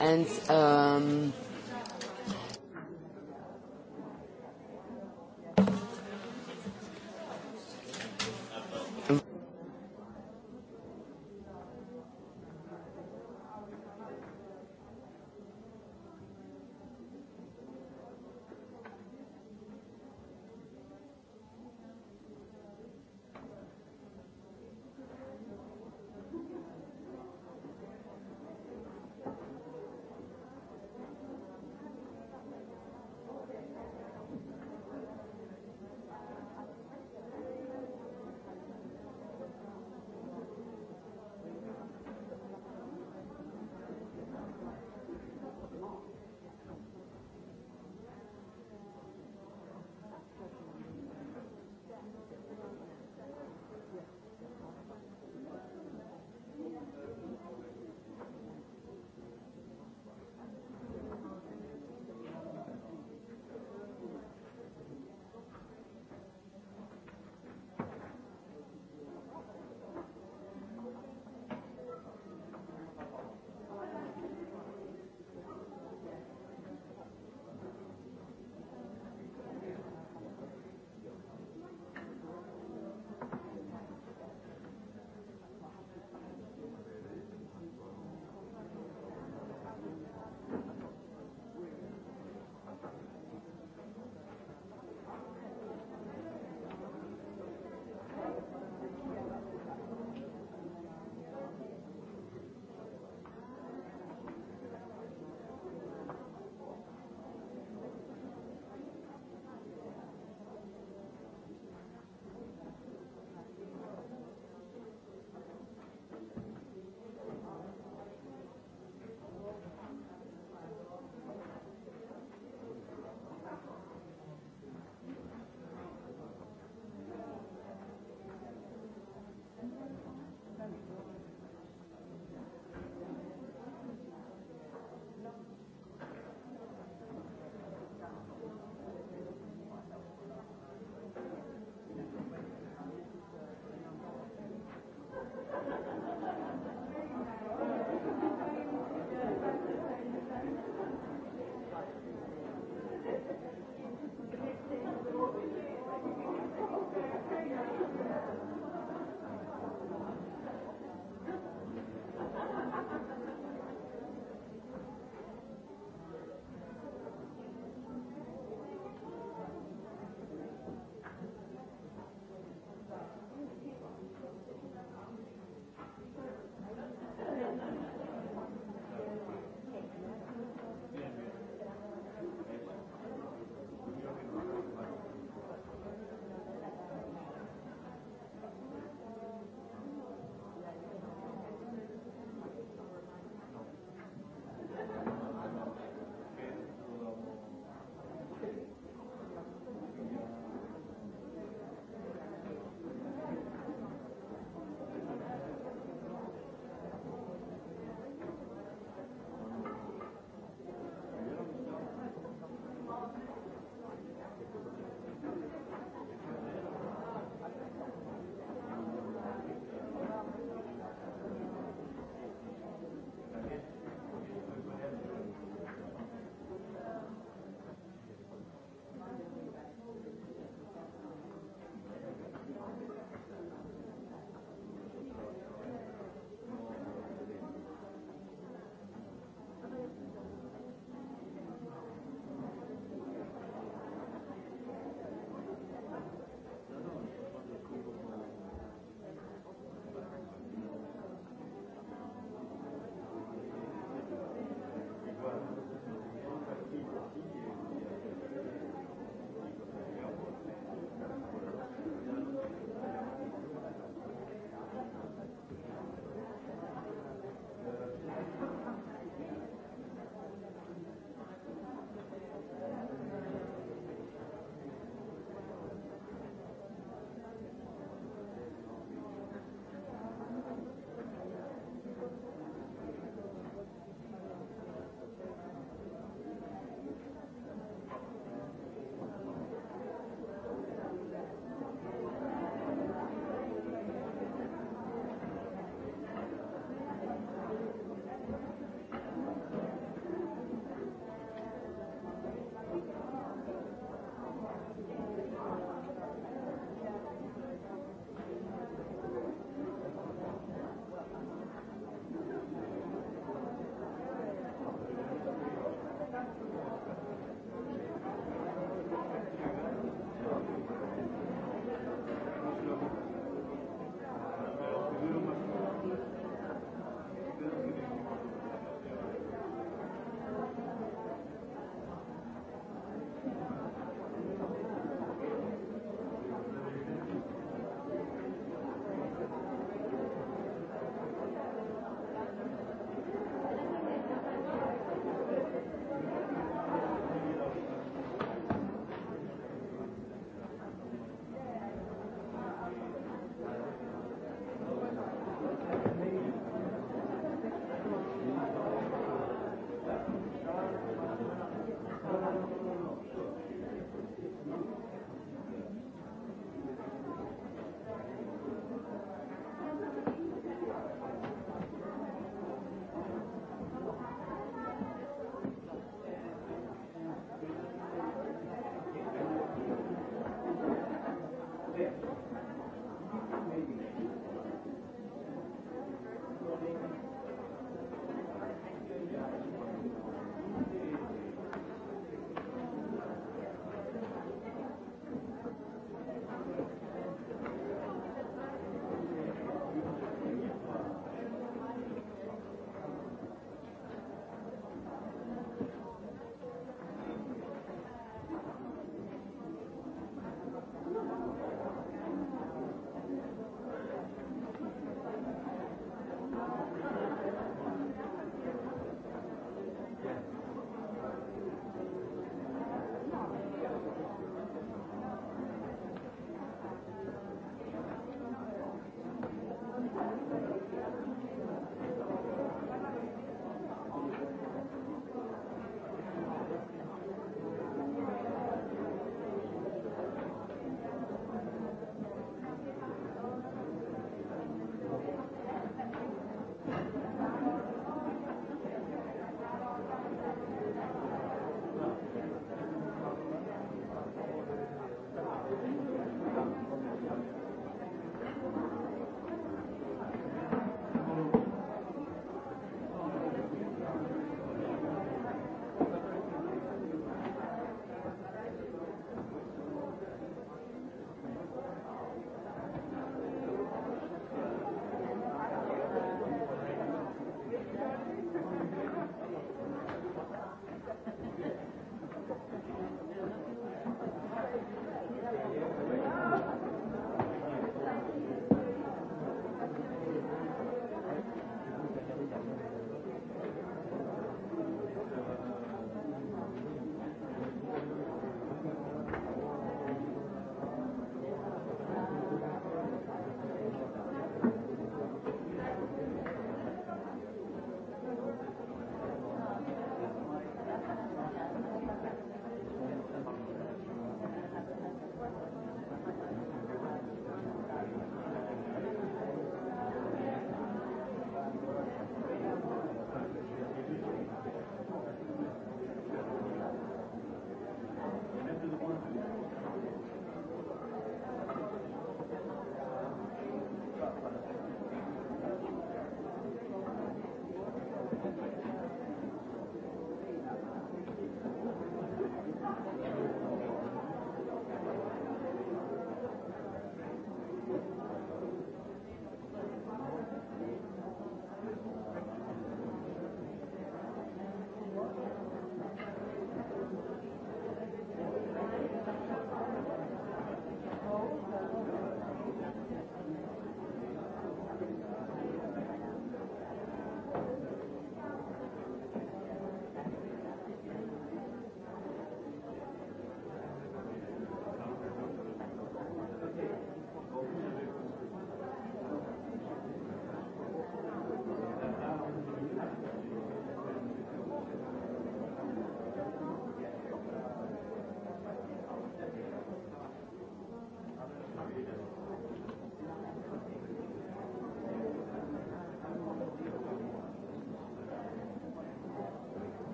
[SPEAKER 6] And um,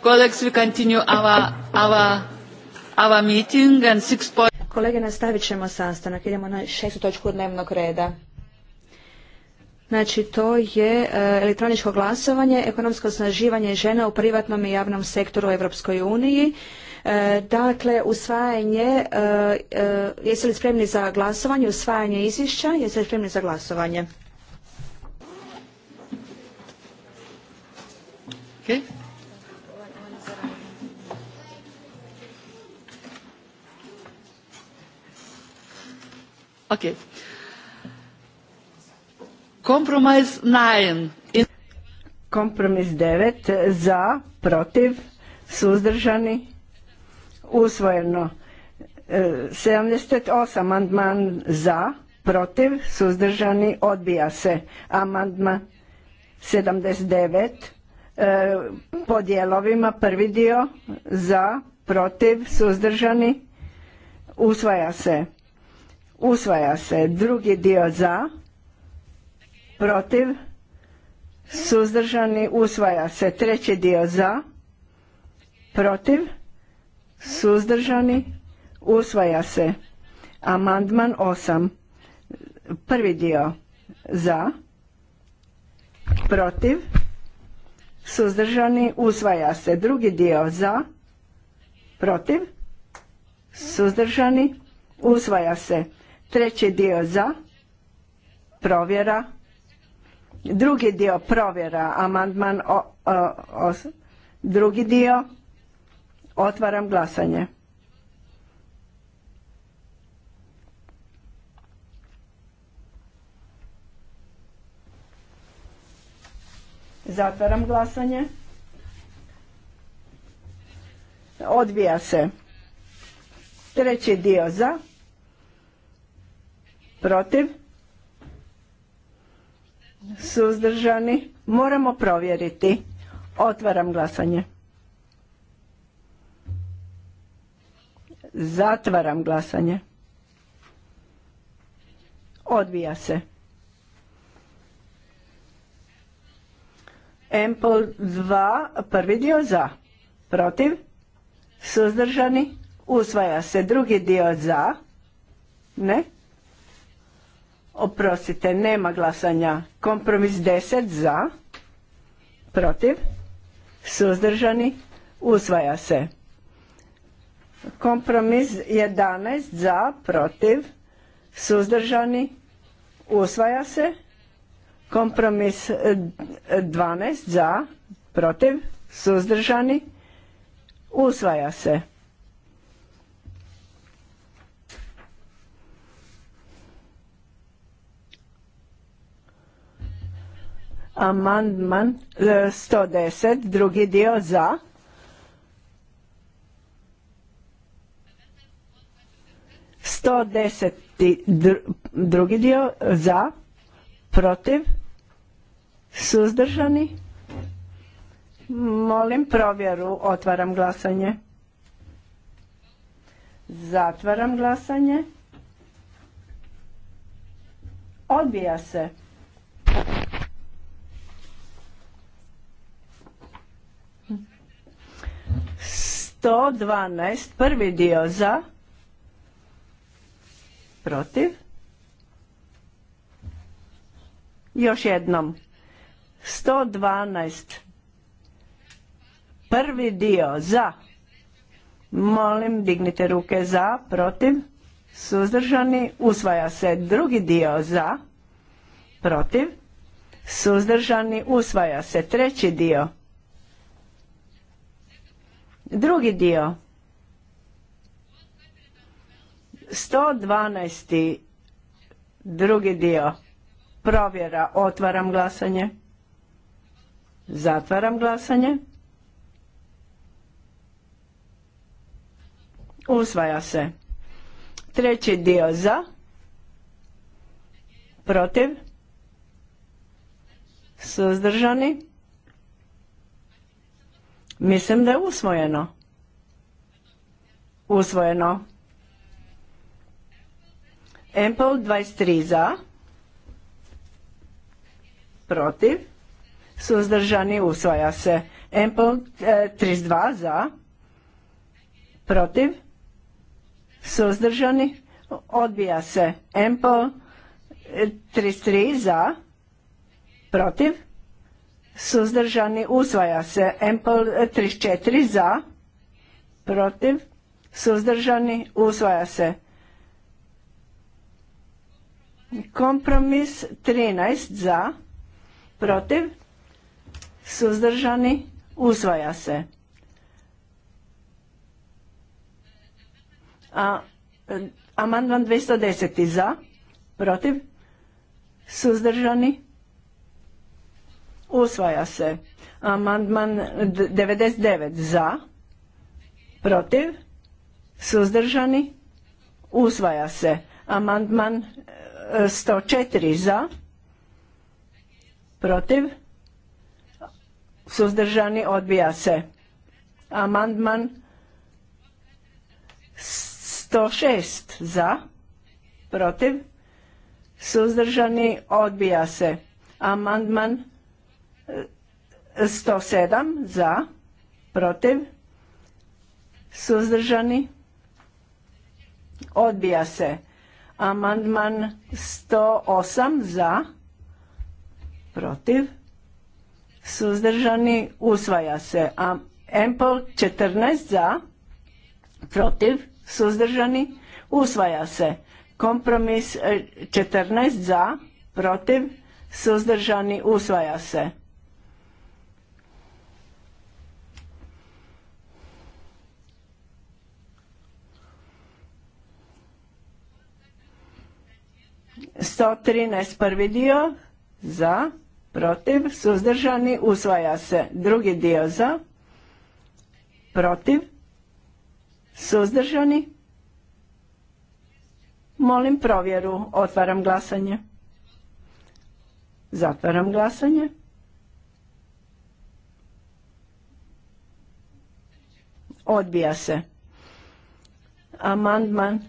[SPEAKER 2] Colleagues, we continue meeting six Kolege, nastavit ćemo sastanak. Idemo na šestu točku dnevnog reda. Znači, to je e, elektroničko glasovanje, ekonomsko osnaživanje žena u privatnom i javnom sektoru u Europskoj uniji. E, dakle, usvajanje, e, jeste li spremni za glasovanje, usvajanje izvišća, jeste li spremni za glasovanje? Okay.
[SPEAKER 1] Kompromis 9. Kompromis 9 za, protiv, suzdržani, usvojeno. 78 e, amandman za, protiv, suzdržani, odbija se. Amandman 79 e, po dijelovima prvi dio za, protiv, suzdržani, usvaja se usvaja se drugi dio za protiv suzdržani usvaja se treći dio za protiv suzdržani usvaja se amandman 8 prvi dio za protiv suzdržani usvaja se drugi dio za protiv suzdržani usvaja se Treći dio za, provjera. Drugi dio provjera, amandman o, drugi dio, otvaram glasanje. Zatvaram glasanje. Odvija se. Treći dio za protiv, suzdržani, moramo provjeriti. Otvaram glasanje. Zatvaram glasanje. Odvija se. Empol 2, prvi dio za, protiv, suzdržani, usvaja se drugi dio za, ne, Oprostite, nema glasanja. Kompromis 10 za, protiv, suzdržani, usvaja se. Kompromis 11 za, protiv, suzdržani, usvaja se. Kompromis 12 e, za, protiv, suzdržani, usvaja se. Amandman 110, e, drugi dio za. Sto deset drugi dio za, protiv, suzdržani. Molim provjeru, otvaram glasanje. Zatvaram glasanje. Odbija se. 112, prvi dio za, protiv. Još jednom. 112, prvi dio za, molim dignite ruke za, protiv, suzdržani, usvaja se drugi dio za, protiv, suzdržani, usvaja se treći dio Drugi dio. 112. drugi dio. Provjera. Otvaram glasanje. Zatvaram glasanje. Usvaja se. Treći dio za. Protiv. Suzdržani. Mislim da je usvojeno. Usvojeno. Empol 23 za. Protiv. Suzdržani usvoja se. Empol 32 eh, za. Protiv. Suzdržani odbija se. Empol 33 eh, za. Protiv suzdržani usvaja se. Empol 34 za, protiv, suzdržani usvaja se. Kompromis 13 za, protiv, suzdržani usvaja se. A, eh, amandman 210 za, protiv, suzdržani Usvaja se. Amandman 99 za, protiv, suzdržani. Usvaja se. Amandman 104 e, za, protiv, suzdržani. Odbija se. Amandman 106 za, protiv, suzdržani. Odbija se. Amandman 107 za, protiv, suzdržani, odbija se. Amandman 108 za, protiv, suzdržani, usvaja se. A 14 za, protiv, suzdržani, usvaja se. Kompromis 14 eh, za, protiv, suzdržani, usvaja se. 113 prvi dio za, protiv, suzdržani, usvaja se. Drugi dio za, protiv, suzdržani. Molim provjeru. Otvaram glasanje. Zatvaram glasanje. Odbija se. Amandman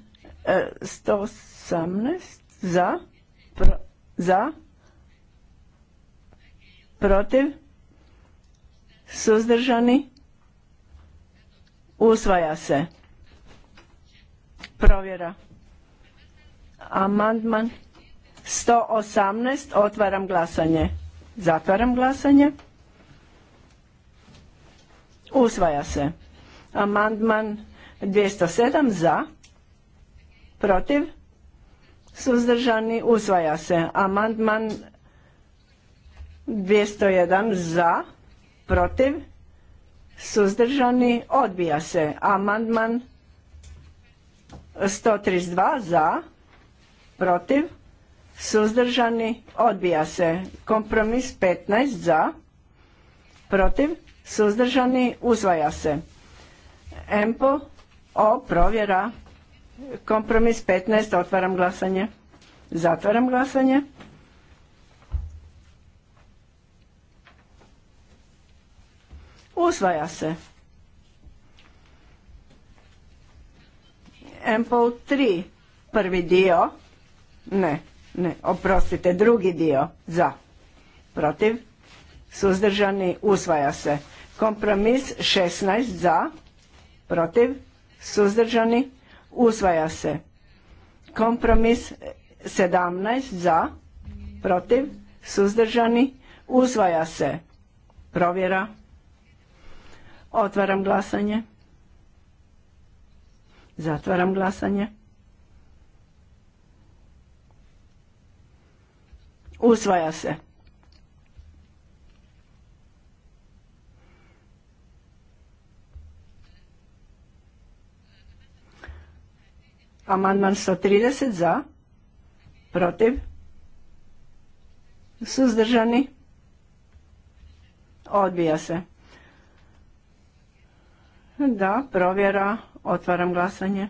[SPEAKER 1] 118. E, za, pro, za, protiv, suzdržani, usvaja se. Provjera. Amandman 118. Otvaram glasanje. Zatvaram glasanje. Usvaja se. Amandman 207 za, protiv, suzdržani, usvaja se. Amandman 201 za, protiv, suzdržani, odbija se. Amandman 132 za, protiv, suzdržani, odbija se. Kompromis 15 za, protiv, suzdržani, usvaja se. Empo, o, provjera, Kompromis 15. Otvaram glasanje. Zatvaram glasanje. Usvaja se. Empol 3. Prvi dio. Ne, ne, oprostite, drugi dio. Za. Protiv. Suzdržani. Usvaja se. Kompromis 16. Za. Protiv. Suzdržani usvaja se. Kompromis 17 za, protiv, suzdržani, usvaja se. Provjera. Otvaram glasanje. Zatvaram glasanje. Usvaja se. Amandman 130 za, protiv, suzdržani, odbija se. Da, provjera, otvaram glasanje.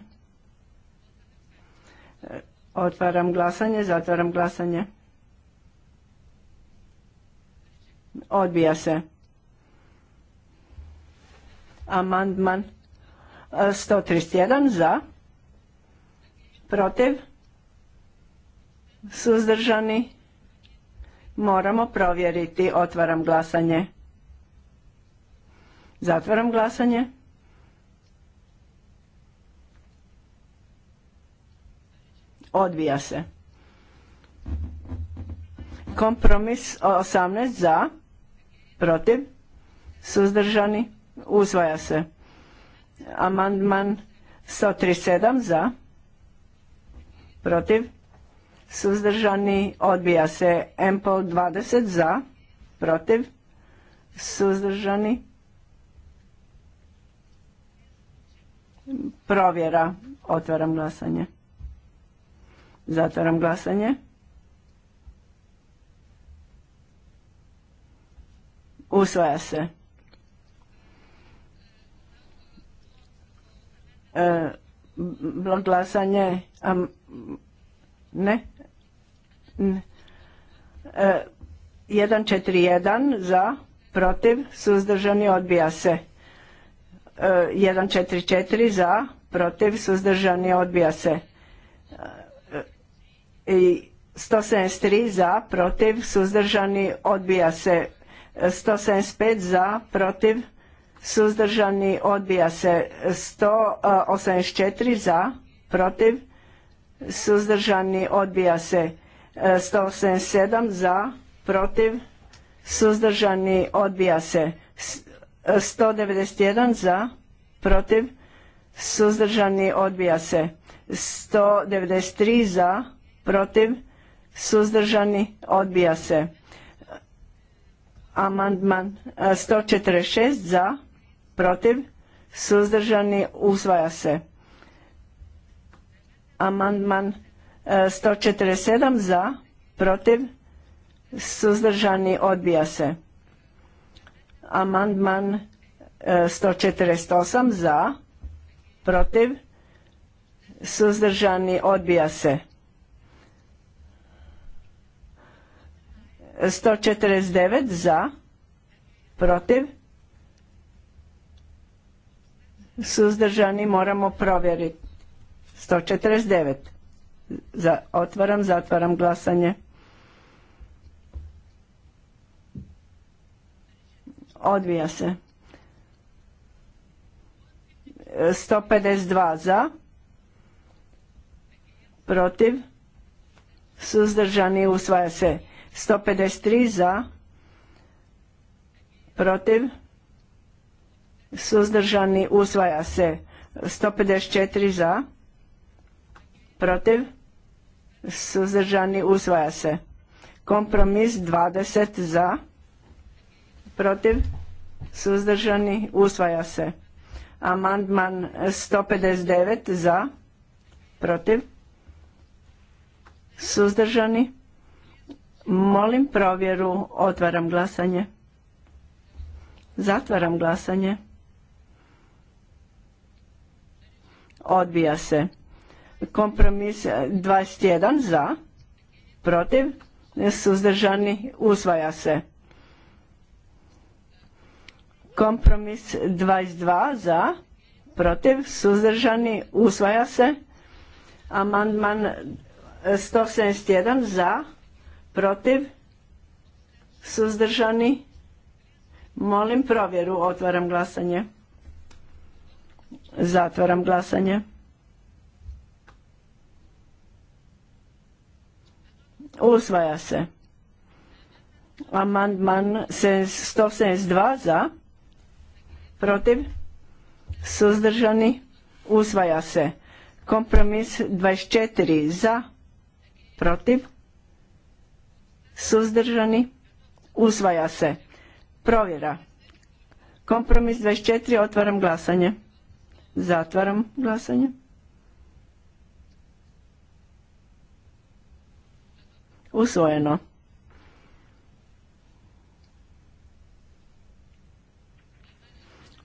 [SPEAKER 1] Otvaram glasanje, zatvaram glasanje. Odbija se. Amandman 131 e, za protiv, suzdržani, moramo provjeriti. Otvaram glasanje. Zatvaram glasanje. Odvija se. Kompromis 18 za, protiv, suzdržani, usvaja se. Amandman 137 za, protiv, suzdržani, odbija se MPO 20 za, protiv, suzdržani, provjera, otvaram glasanje, zatvaram glasanje, usvaja se. E, glasanje ne. ne. E, 141 za, protiv, suzdržani, odbija se. E, 144 za, protiv, suzdržani, odbija se. E, I 173 za, protiv, suzdržani, odbija se. 175 za, protiv, suzdržani, odbija se. 184 za, protiv, suzdržani odbija se 187 e, za protiv suzdržani odbija se 191 e, za protiv suzdržani odbija se 193 za protiv suzdržani odbija se amandman 146 e, za protiv suzdržani usvaja se Amandman 147 e, za, protiv, suzdržani odbija se. Amandman 148 e, za, protiv, suzdržani odbija se. 149 za, protiv, suzdržani moramo provjeriti. 149. Za, otvaram, zatvaram glasanje. Odvija se. 152 za, protiv, suzdržani usvaja se. 153 za, protiv, suzdržani usvaja se. 154 za, protiv, suzdržani, usvaja se. Kompromis 20 za, protiv, suzdržani, usvaja se. Amandman 159 za, protiv, suzdržani. Molim provjeru, otvaram glasanje. Zatvaram glasanje. Odbija se. Kompromis 21 e, za, protiv, suzdržani, usvaja se. Kompromis 22 za, protiv, suzdržani, usvaja se. Amandman 171 e, za, protiv, suzdržani. Molim provjeru, otvaram glasanje. Zatvaram glasanje. Usvaja se. Amandman 172 za. Protiv. Suzdržani. Usvaja se. Kompromis 24 za. Protiv. Suzdržani. Usvaja se. Provjera. Kompromis 24. Otvaram glasanje. Zatvaram glasanje. Usvojeno.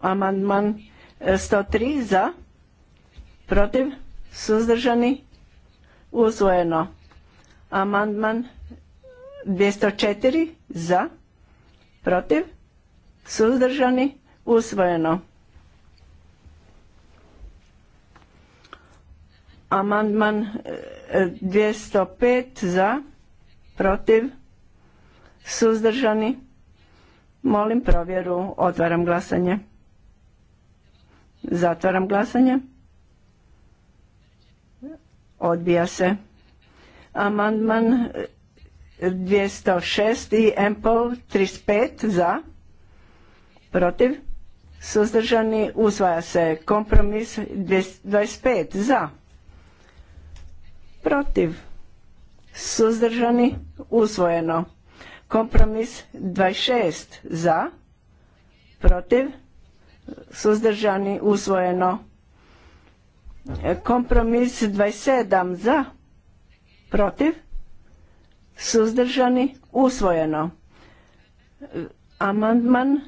[SPEAKER 1] Amandman 103 e, za, protiv, suzdržani, usvojeno. Amandman 204 za, protiv, suzdržani, usvojeno. Amandman 205 e, za, protiv, suzdržani. Molim provjeru, otvaram glasanje. Zatvaram glasanje. Odbija se. Amandman 206 i Empol 35 za, protiv, suzdržani, usvaja se kompromis 25 za, protiv, suzdržani, usvojeno. Kompromis 26 za, protiv, suzdržani, usvojeno. Kompromis 27 za, protiv, suzdržani, usvojeno. Amandman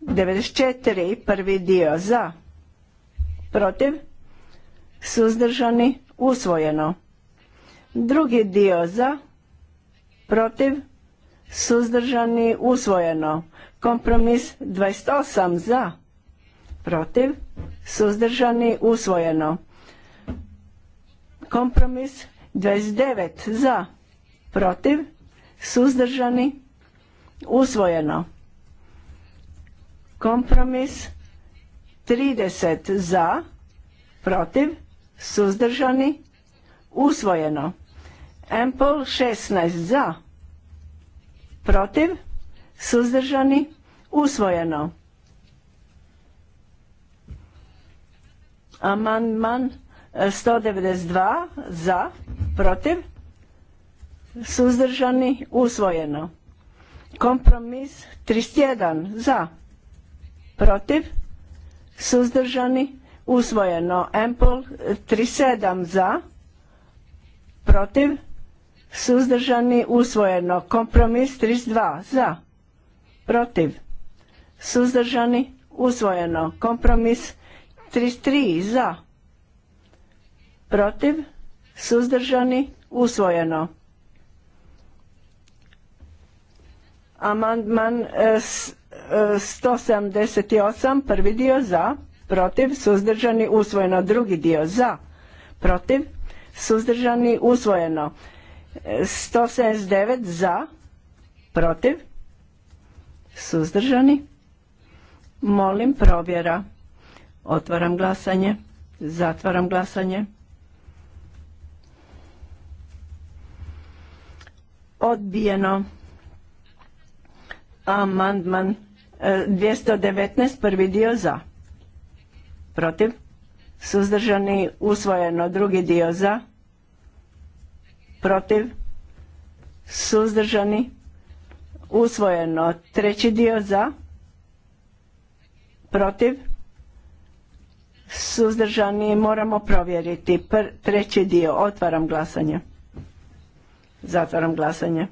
[SPEAKER 1] 94, prvi dio za, protiv, suzdržani, usvojeno. Drugi dio za, protiv, suzdržani, usvojeno. Kompromis 28 za, protiv, suzdržani, usvojeno. Kompromis 29 za, protiv, suzdržani, usvojeno. Kompromis 30 za, protiv, suzdržani, usvojeno. Ampol 16 za, protiv, suzdržani, usvojeno. Amandman 192 e, za, protiv, suzdržani, usvojeno. Kompromis 31 za, protiv, suzdržani, usvojeno. Ampol 37 za, protiv, Suzdržani usvojeno. Kompromis 32 za. Protiv. Suzdržani usvojeno. Kompromis 33 za. Protiv. Suzdržani usvojeno. Amandman 178, e, e, prvi dio za, protiv, suzdržani, usvojeno. Drugi dio za, protiv, suzdržani, usvojeno. 179 za, protiv, suzdržani. Molim provjera. Otvaram glasanje, zatvaram glasanje. Odbijeno. Amandman 219, e, prvi dio za. Protiv. Suzdržani usvojeno, drugi dio za protiv, suzdržani, usvojeno. Treći dio za, protiv, suzdržani, moramo provjeriti. treći dio, otvaram glasanje. Zatvaram glasanje.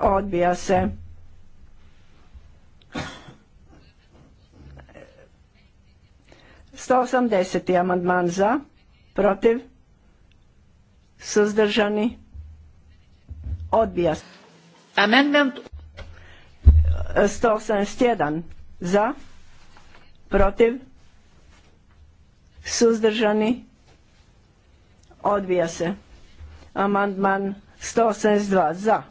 [SPEAKER 1] Odbija se. Sto osamdeset amandman za, protiv Suzdržani? Odbija se. Amendment 181 za, protiv, suzdržani, odbija se. Amandman 182 za,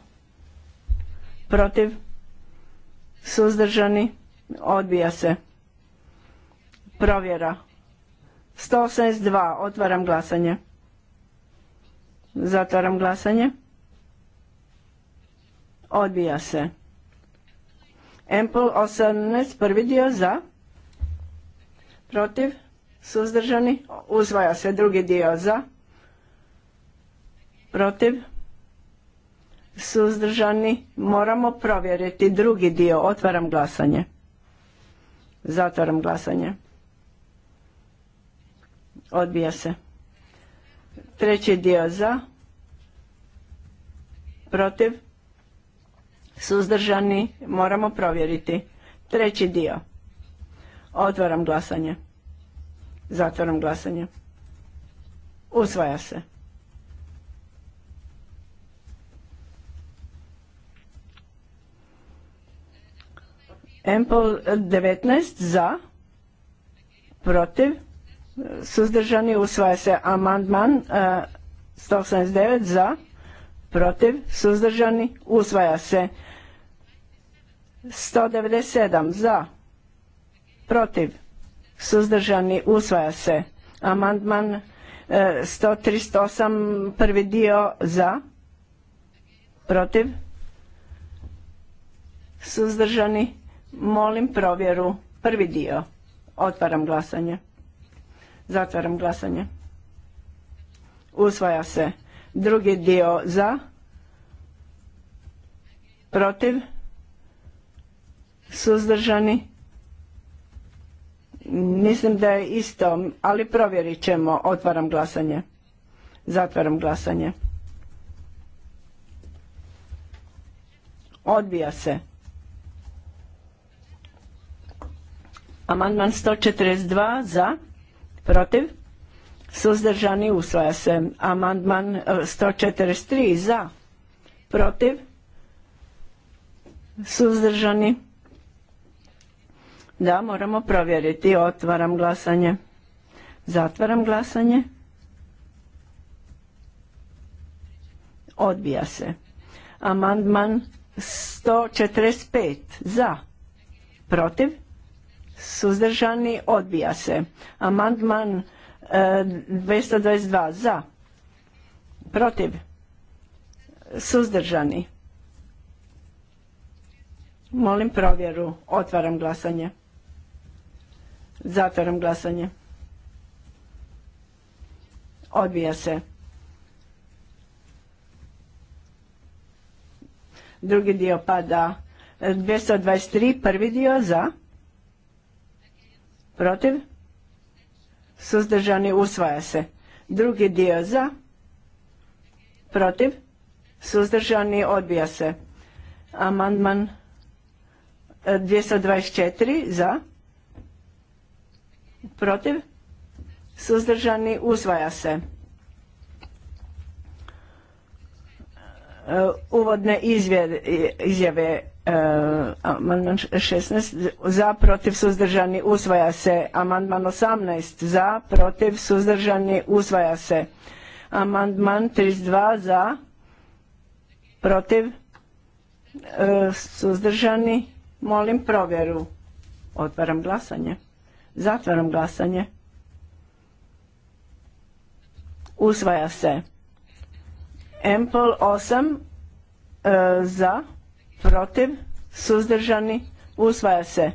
[SPEAKER 1] protiv, suzdržani, odbija se. Provjera. 182, otvaram glasanje. Zatvaram glasanje. Odbija se. Empl 18, prvi dio za. Protiv. Suzdržani. Uzvaja se drugi dio za. Protiv. Suzdržani. Moramo provjeriti drugi dio. Otvaram glasanje. Zatvaram glasanje. Odbija se. Treći dio za, protiv, suzdržani, moramo provjeriti. Treći dio. Otvaram glasanje. Zatvaram glasanje. Usvaja se. Empol 19 za, protiv, suzdržani, usvaja se amandman 189 e, za, protiv, suzdržani, usvaja se 197 za, protiv, suzdržani, usvaja se amandman 138 e, prvi dio za, protiv, suzdržani, molim provjeru prvi dio. Otvaram glasanje. Zatvaram glasanje. Usvaja se. Drugi dio za. Protiv. Suzdržani. Mislim da je isto, ali provjerit ćemo. Otvaram glasanje. Zatvaram glasanje. Odbija se. Amandman 142 za protiv, suzdržani, usvaja se. Amandman 143 e, za, protiv, suzdržani. Da, moramo provjeriti. Otvaram glasanje. Zatvaram glasanje. Odbija se. Amandman 145 za. Protiv suzdržani, odbija se. Amandman 222 e, za, protiv, suzdržani. Molim provjeru, otvaram glasanje. Zatvaram glasanje. Odbija se. Drugi dio pada 223, e, prvi dio za Protiv? Suzdržani usvaja se. Drugi dio za? Protiv? Suzdržani odbija se. Amandman 224 e, za? Protiv? Suzdržani usvaja se. E, uvodne izjave E, amandman 16 za, protiv, suzdržani, usvaja se. Amandman 18 za, protiv, suzdržani, usvaja se. Amandman 32 za, protiv, e, suzdržani, molim provjeru. Otvaram glasanje. Zatvaram glasanje. Usvaja se. Empol 8 e, za, protiv, suzdržani, usvaja se.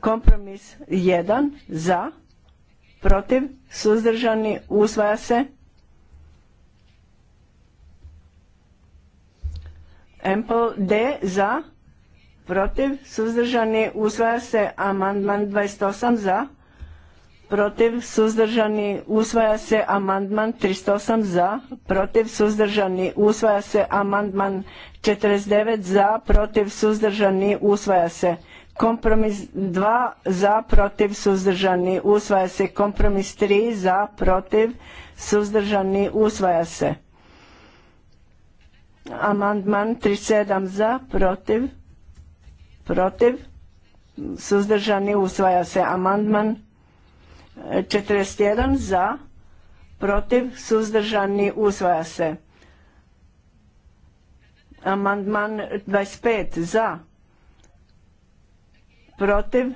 [SPEAKER 1] Kompromis 1 za, protiv, suzdržani, usvaja se. Ample D za, protiv, suzdržani, usvaja se amandman 28 za, protiv suzdržani usvaja se amandman 308 za protiv suzdržani usvaja se amandman 49 za protiv suzdržani usvaja se kompromis 2 za protiv suzdržani usvaja se kompromis 3 za protiv suzdržani usvaja se amandman 37 za protiv protiv suzdržani usvaja se amandman 41 za, protiv, suzdržani, usvaja se. Amandman 25 za, protiv,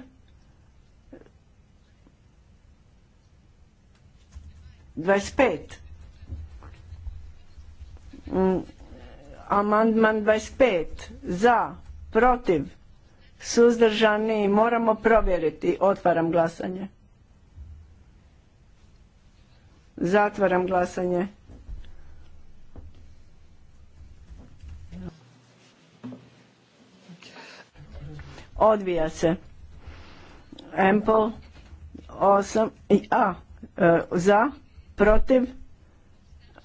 [SPEAKER 1] 25. amandman 25 za protiv suzdržani moramo provjeriti otvaram glasanje Zatvaram glasanje. Odvija se. Ample 8 i A. E, za, protiv,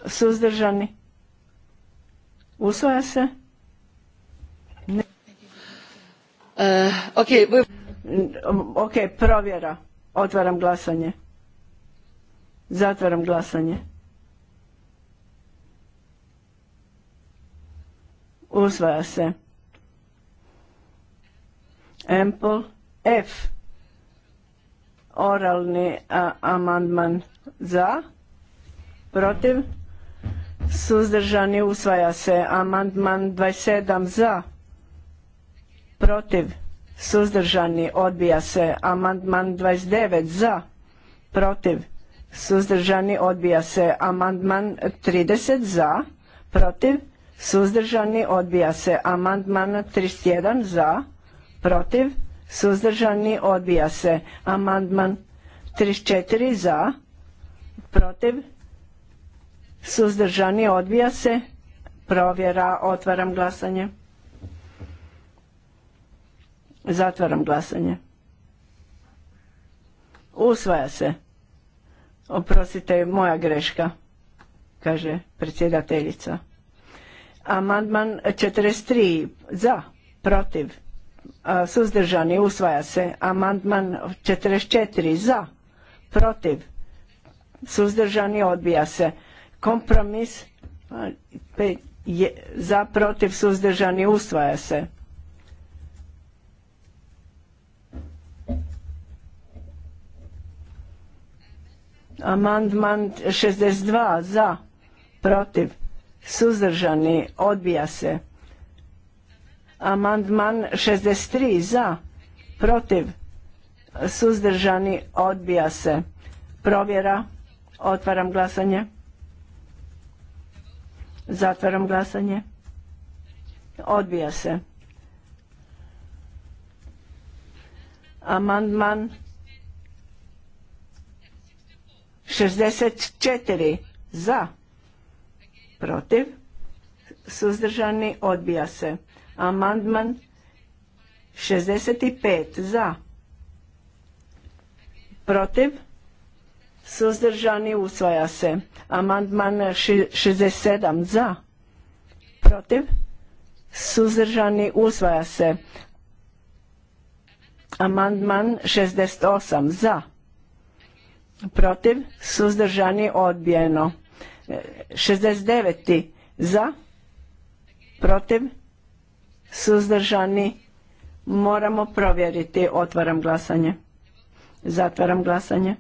[SPEAKER 1] suzdržani. Usvaja se. E, ok, ok, provjera. Otvaram glasanje. Zatvaram glasanje. Usvaja se. Empol F. Oralni amandman za. Protiv. Suzdržani usvaja se. Amandman 27 za. Protiv. Suzdržani odbija se. Amandman 29 za. Protiv suzdržani odbija se amandman 30 za protiv suzdržani odbija se amandman 31 za protiv suzdržani odbija se amandman 34 za protiv suzdržani odbija se provjera otvaram glasanje zatvaram glasanje usvaja se Oprostite, moja greška, kaže predsjedateljica. Amandman 43 za, protiv, suzdržani, usvaja se. Amandman 44 za, protiv, suzdržani, odbija se. Kompromis za, protiv, suzdržani, usvaja se. Amandman 62 za, protiv, suzdržani, odbija se. Amandman 63 za, protiv, suzdržani, odbija se. Provjera, otvaram glasanje. Zatvaram glasanje. Odbija se. Amandman 64 za, protiv, suzdržani, odbija se. Amandman 65 za, protiv, suzdržani, usvaja se. Amandman 67 za, protiv, suzdržani, usvaja se. Amandman 68 za, protiv, suzdržani, odbijeno. 69. E, za, protiv, suzdržani, moramo provjeriti. Otvaram glasanje. Zatvaram glasanje.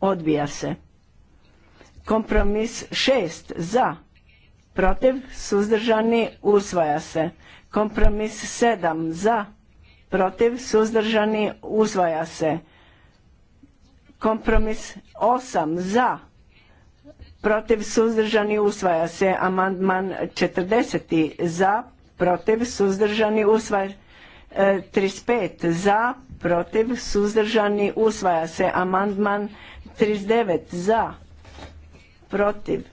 [SPEAKER 1] Odbija se. Kompromis 6 za, protiv, suzdržani, usvaja se. Kompromis 7 za, protiv, suzdržani, uzvaja se. Kompromis 8 za, protiv, suzdržani, usvaja se. Amandman 40 za, protiv, suzdržani, usvaja e, se. 35 za, protiv, suzdržani, usvaja se. Amandman 39 za, protiv,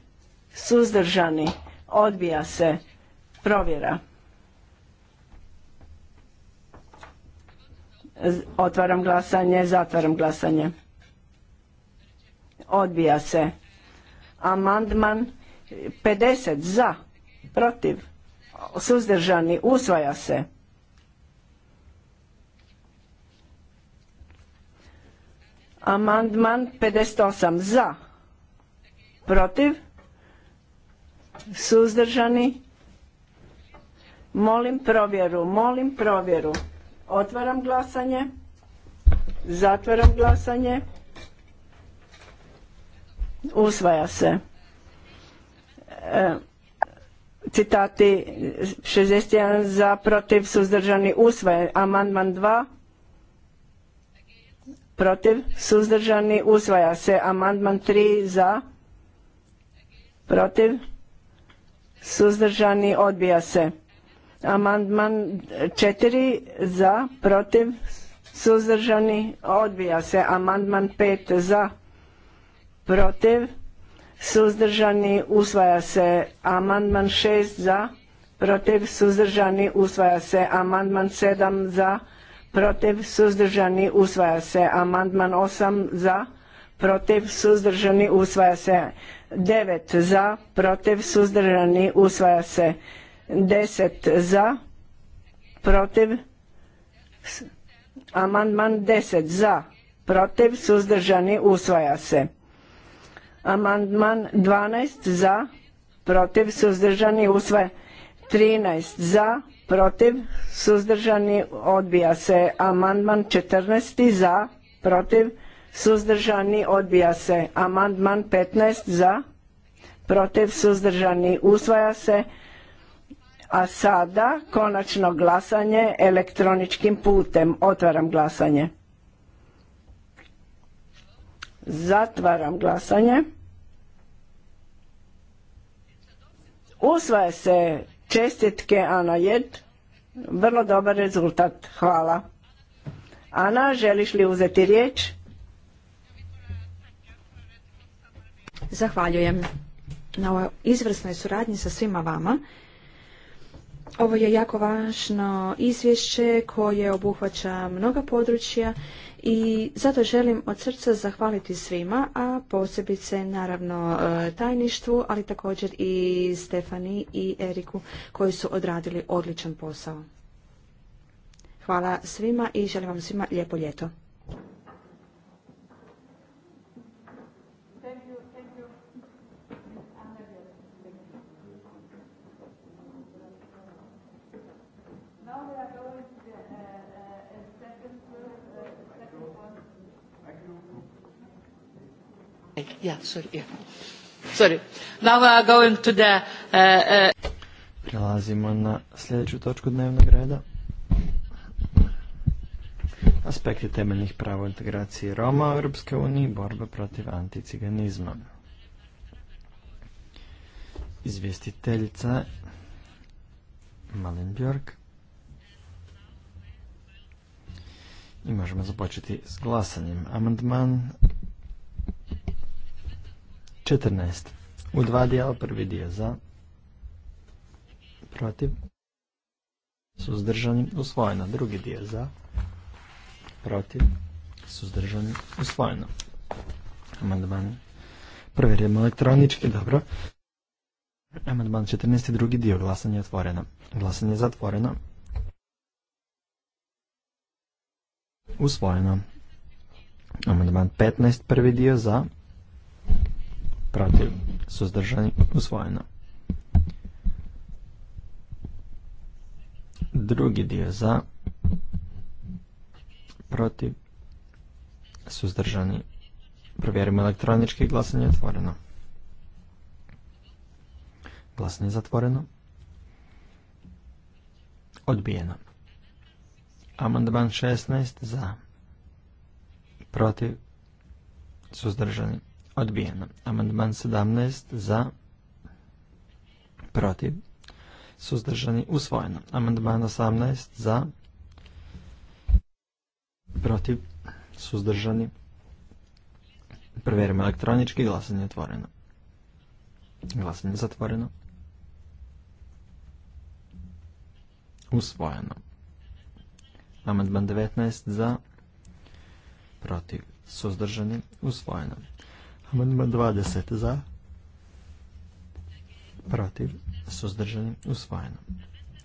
[SPEAKER 1] suzdržani, odbija se. Provjera. Otvaram glasanje, zatvaram glasanje. Odbija se. Amandman 50 za, protiv, suzdržani, usvaja se. Amandman 58 za, protiv, suzdržani. Molim provjeru, molim provjeru. Otvaram glasanje. Zatvaram glasanje. Usvaja se. E, citati 61 za, protiv, suzdržani, usvaja. Amandman 2. Protiv, suzdržani, usvaja se. Amandman 3 za, protiv, suzdržani, odbija se. Amandman 4 za, protiv, suzdržani, odbija se. Amandman 5 za, protiv, suzdržani, usvaja se. Amandman 6 za, protiv, suzdržani, usvaja se. Amandman 7 za, protiv, suzdržani, usvaja se. Amandman 8 za, protiv, suzdržani, usvaja se. 9 za, protiv, suzdržani, usvaja se. Deset za, protiv, amandman deset za, protiv, suzdržani, usvaja se. Amandman 12 za, protiv, suzdržani, usvaja 13 za, protiv, suzdržani, odbija se. Amandman 14 za, protiv, suzdržani, odbija se. Amandman 15 za, protiv, suzdržani, usvaja se. A sada konačno glasanje elektroničkim putem. Otvaram glasanje. Zatvaram glasanje. Usvaje se čestitke Ana Jed. Vrlo dobar rezultat. Hvala. Ana, želiš li uzeti riječ?
[SPEAKER 2] Zahvaljujem na ovoj izvrsnoj suradnji sa svima vama ovo je jako važno izvješće koje obuhvaća mnoga područja i zato želim od srca zahvaliti svima, a posebice naravno e, tajništvu, ali također i Stefani i Eriku koji su odradili odličan posao. Hvala svima i želim vam svima lijepo ljeto.
[SPEAKER 3] Prelazimo na sljedeću točku dnevnog reda. Aspekti temeljnih prava integracije Roma u Europske unije i borba protiv anticiganizma. Izvjestiteljica Malin Bjork. I možemo započeti s glasanjem. Amandman 14. U dva dijela prvi dio za, protiv, suzdržani, usvojeno. Drugi dio za, protiv, suzdržani, usvojeno. Amandman prvi elektronički, dobro. Amandman 14. drugi dio, glasanje je otvoreno. Glasanje je zatvoreno. Usvojeno. Amandman 15. prvi dio za, protiv, suzdržani, usvojeno. Drugi dio za, protiv, suzdržani, provjerimo elektronički, glasanje je otvoreno. Glasanje je zatvoreno. Odbijeno. Amandman 16 za, protiv, suzdržani, Odbijeno. Amandman 17 za, protiv, suzdržani, usvojeno. Amandman 18 za, protiv, suzdržani, provjerimo elektronički, glasanje otvoreno. Glasanje zatvoreno. Usvojeno. Amandman 19 za, protiv, suzdržani, usvojeno. Amandman 20 za. Protiv. Suzdržani. Usvojeno.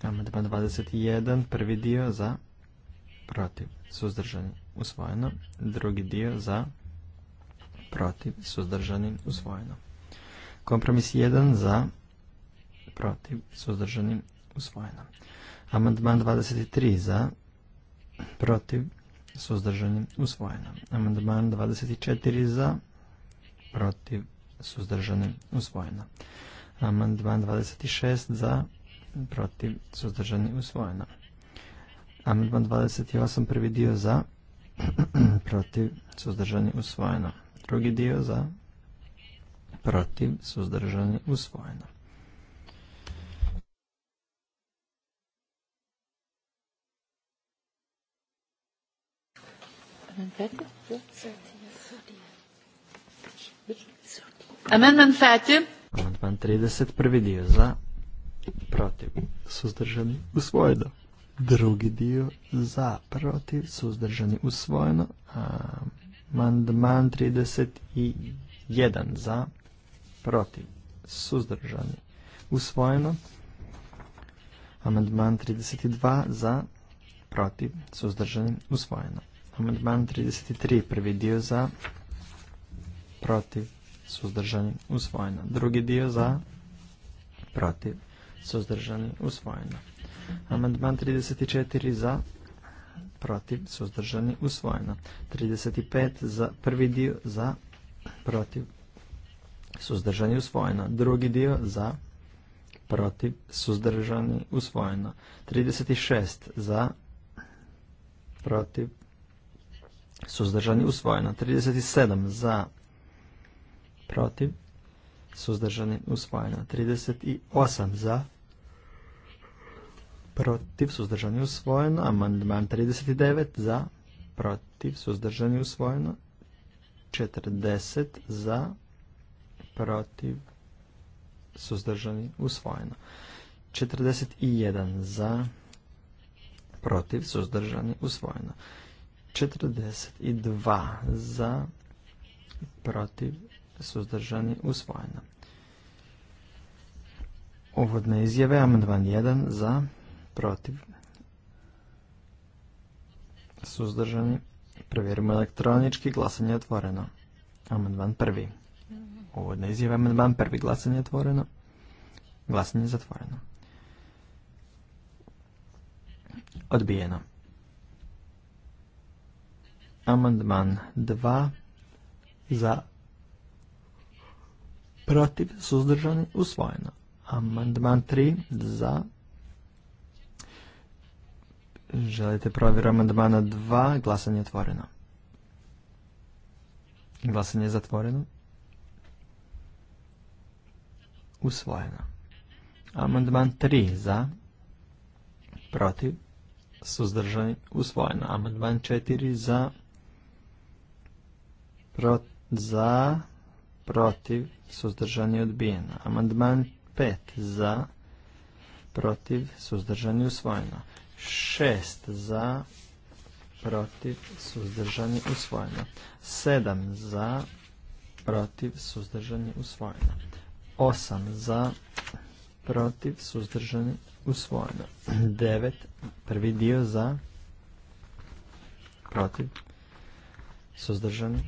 [SPEAKER 3] Amandman 21. Prvi dio za. Protiv. Suzdržani. Usvojeno. Drugi dio za. Protiv. suzdržanim Usvojeno. Kompromis 1 za. Protiv. Suzdržani. Usvojeno. Amandman 23 za. Protiv. suzdržanim Usvojeno. Amandman 24 za protiv, suzdržani, usvojena. Amandman 26 za, protiv, suzdržani, usvojena. Amandman 28, prvi dio za, *clears throat* protiv, suzdržani, usvojena. Drugi dio za, protiv, suzdržani, usvojena.
[SPEAKER 5] Amandman 31
[SPEAKER 3] Amendman 30, prvi dio za, protiv, suzdržani, usvojeno. Drugi dio za, protiv, suzdržani, usvojeno. Amandman 31 za, protiv, suzdržani, usvojeno. Amandman 32 za, protiv, suzdržani, usvojeno. Amandman 33, prvi dio za, protiv, suzdržani, usvojeno. Drugi dio za, protiv, suzdržani, usvojeno. Amandman 34 za, protiv, suzdržani, usvojeno. 35 za, prvi dio za, protiv, suzdržani, usvojeno. Drugi dio za, protiv, suzdržani, usvojeno. 36 za, protiv, suzdržani, usvojeno. 37 za, protiv, protiv, suzdržani, usvojeno. 38 za, protiv, suzdržani, usvojeno. Amandman 39 za, protiv, suzdržani, usvojeno. 40 za, protiv, suzdržani, usvojeno. 41 za, protiv, suzdržani, usvojeno. 42 za, protiv, suzdržani, usvojeno. Uvodne izjave, amandman 1 za, protiv, suzdržani, provjerimo elektronički, glasanje je otvoreno. Amandman prvi. Uvodne izjave, amandman prvi, glasanje je otvoreno. Glasanje je zatvoreno. Odbijeno. Amandman 2 za protiv, suzdržani, usvojeno. Amandman 3 za. Želite provjeru amandmana 2, glasanje je otvoreno. Glasanje je zatvoreno. Usvojeno. Amandman 3 za. Protiv. Suzdržani. Usvojeno. Amandman 4 za. protiv... za protiv, suzdržani odbijeno. Amandman 5 za, protiv, suzdržani usvojeno. 6 za, protiv, suzdržani usvojeno. 7 za, protiv, suzdržani usvojeno. 8 za, protiv, suzdržani usvojeno. 9, prvi dio za, protiv, suzdržani.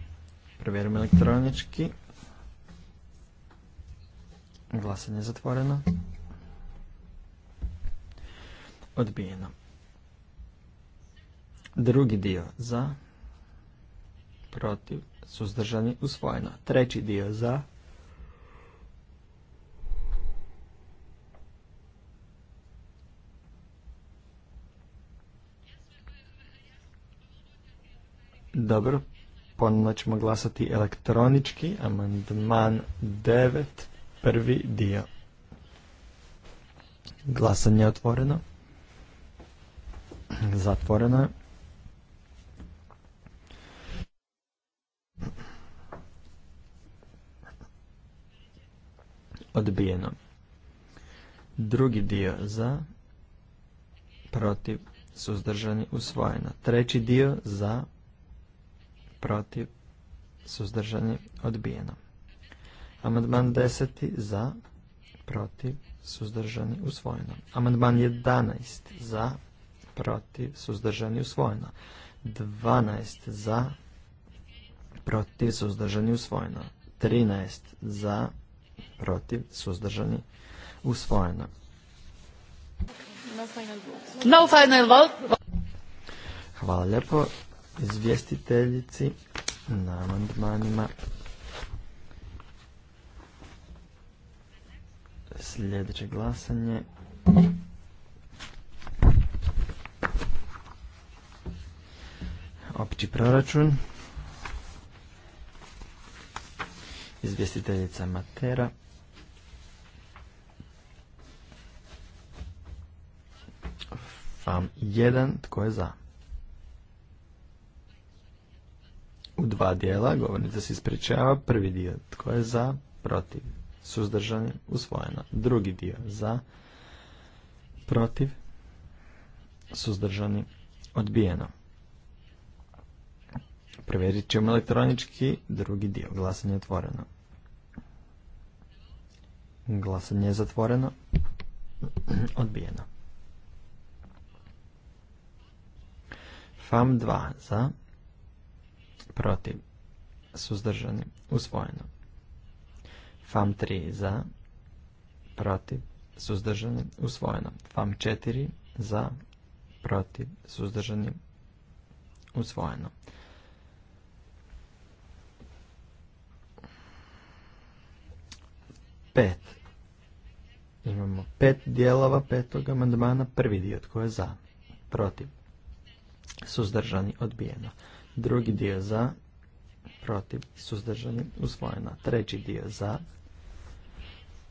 [SPEAKER 3] Provjerimo elektronički. Glasanje je zatvoreno. Odbijeno. Drugi dio za, protiv, suzdržani, usvojeno. Treći dio za, Dobro, ponovno ćemo glasati elektronički, amandman 9. Prvi dio. Glasanje je otvoreno. Zatvoreno je. Odbijeno. Drugi dio za, protiv, suzdržani, usvojeno. Treći dio za, protiv, suzdržani, odbijeno. Amandman 10. za, protiv, suzdržani, usvojeno. Amandman 11. za, protiv, suzdržani, usvojeno. Dvanaest za, protiv, suzdržani, usvojeno. Trinaest za, protiv, suzdržani, usvojeno.
[SPEAKER 5] No final vote.
[SPEAKER 3] Hvala lijepo izvjestiteljici na amandmanima sljedeće glasanje. Opći proračun. Izvjestiteljica Matera. FAM 1. Tko je za? U dva dijela. Govornica se ispričava. Prvi dio. Tko je za? Protiv suzdržani, usvojeno. Drugi dio za, protiv, suzdržani, odbijeno. Provjerit ćemo elektronički drugi dio. Glasanje je otvoreno. Glasanje je zatvoreno. *clears throat* Odbijeno. FAM 2 za, protiv, suzdržani, usvojeno. FAM 3 za, protiv, suzdržani, usvojeno. FAM 4 za, protiv, suzdržani, usvojeno. Pet. Imamo pet dijelova petog amandmana. Prvi dio tko je za, protiv, suzdržani, odbijeno. Drugi dio za, protiv, suzdržani, usvojena. Treći dio za,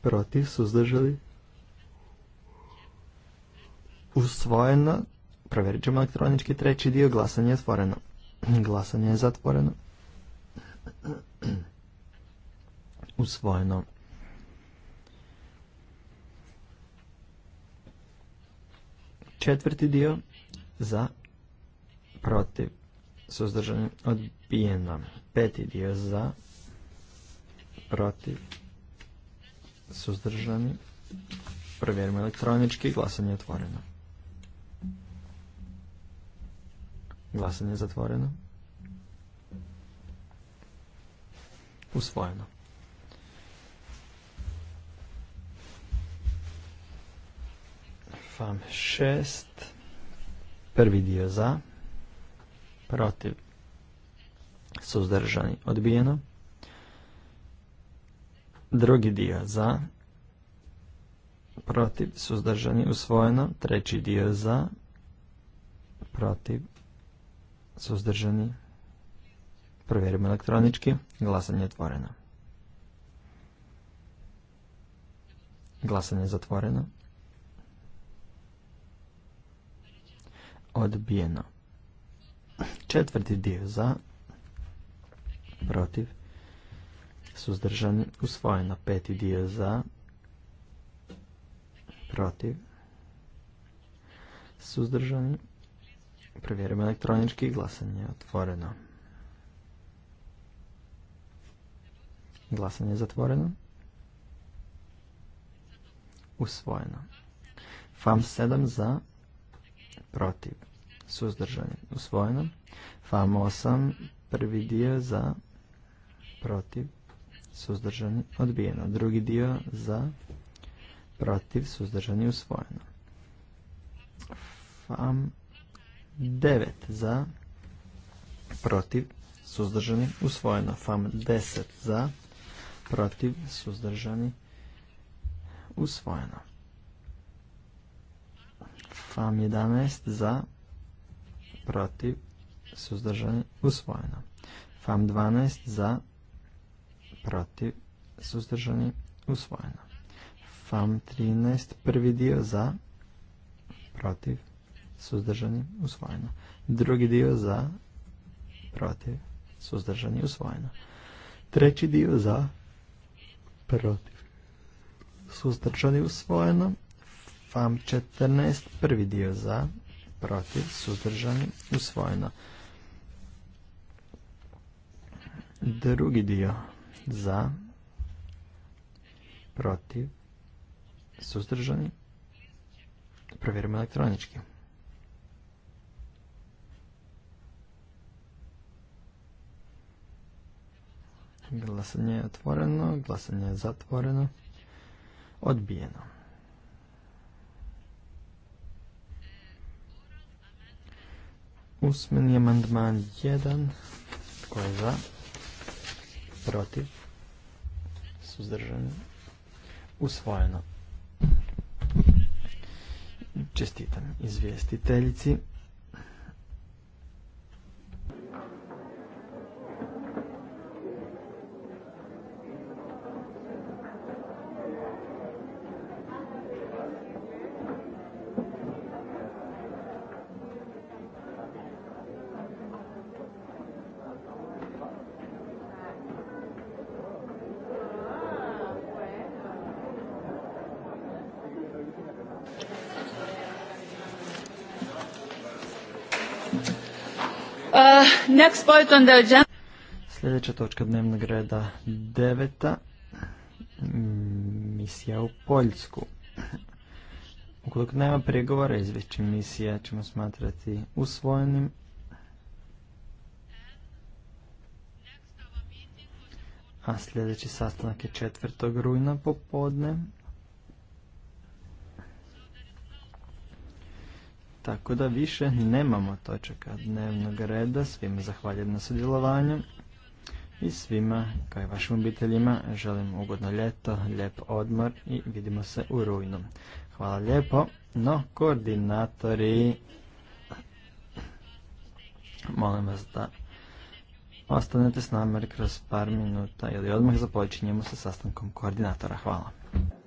[SPEAKER 3] protiv, suzdržani, usvojena. Provjerit ćemo elektronički treći dio, glasanje je stvoreno. Glasanje je zatvoreno. Usvojeno. Četvrti dio za protiv suzdržanje odbijeno. Peti dio za, protiv, suzdržani. Provjerimo elektronički, glasanje je otvoreno. Glasanje je zatvoreno. Usvojeno. FAM 6. Prvi dio za. Protiv suzdržani, odbijeno. Drugi dio za, protiv, suzdržani, usvojeno. Treći dio za, protiv, suzdržani, provjerimo elektronički, glasanje je otvoreno. Glasanje je zatvoreno. Odbijeno. Četvrti dio za, protiv, suzdržani, usvojeno. Peti dio za, protiv, suzdržani, provjerimo elektronički glasanje otvoreno. Glasanje je zatvoreno. Usvojeno. FAM 7 za, protiv, suzdržani, usvojeno. FAM 8 Prvi dio za, protiv, suzdržani, odbijeno. Drugi dio za, protiv, suzdržani, usvojeno. FAM 9 za, protiv, suzdržani, usvojeno. FAM 10 za, protiv, suzdržani, usvojeno. FAM 11 za, protiv, suzdržani, usvojeno. FAM 12 za, protiv, suzdržani, usvojeno. FAM 13, prvi dio za, protiv, suzdržani, usvojeno. Drugi dio za, protiv, suzdržani, usvojeno. Treći dio za, protiv, suzdržani, usvojeno. FAM 14, prvi dio za, protiv, suzdržani, usvojeno. Drugi dio za, protiv, suzdržani. Provjerimo elektronički. Glasanje je otvoreno, glasanje je zatvoreno, odbijeno. Usmeni amandman 1, tko je za? protiv, suzdržani, usvojeno. Čestitam izvjestiteljici.
[SPEAKER 5] Next point on the agenda.
[SPEAKER 3] Sljedeća točka dnevnog reda deveta. Mm, misija u Poljsku. Ukoliko nema pregovora, izvješće misija ćemo smatrati usvojenim. A sljedeći sastanak je 4. rujna popodne. Tako da više nemamo točaka dnevnog reda. Svima zahvaljujem na sudjelovanju i svima, kao i vašim obiteljima, želim ugodno ljeto, lijep odmor i vidimo se u rujnu. Hvala lijepo, no koordinatori, molim vas da ostanete s nama kroz par minuta ili odmah
[SPEAKER 4] započinjemo sa sastankom koordinatora. Hvala.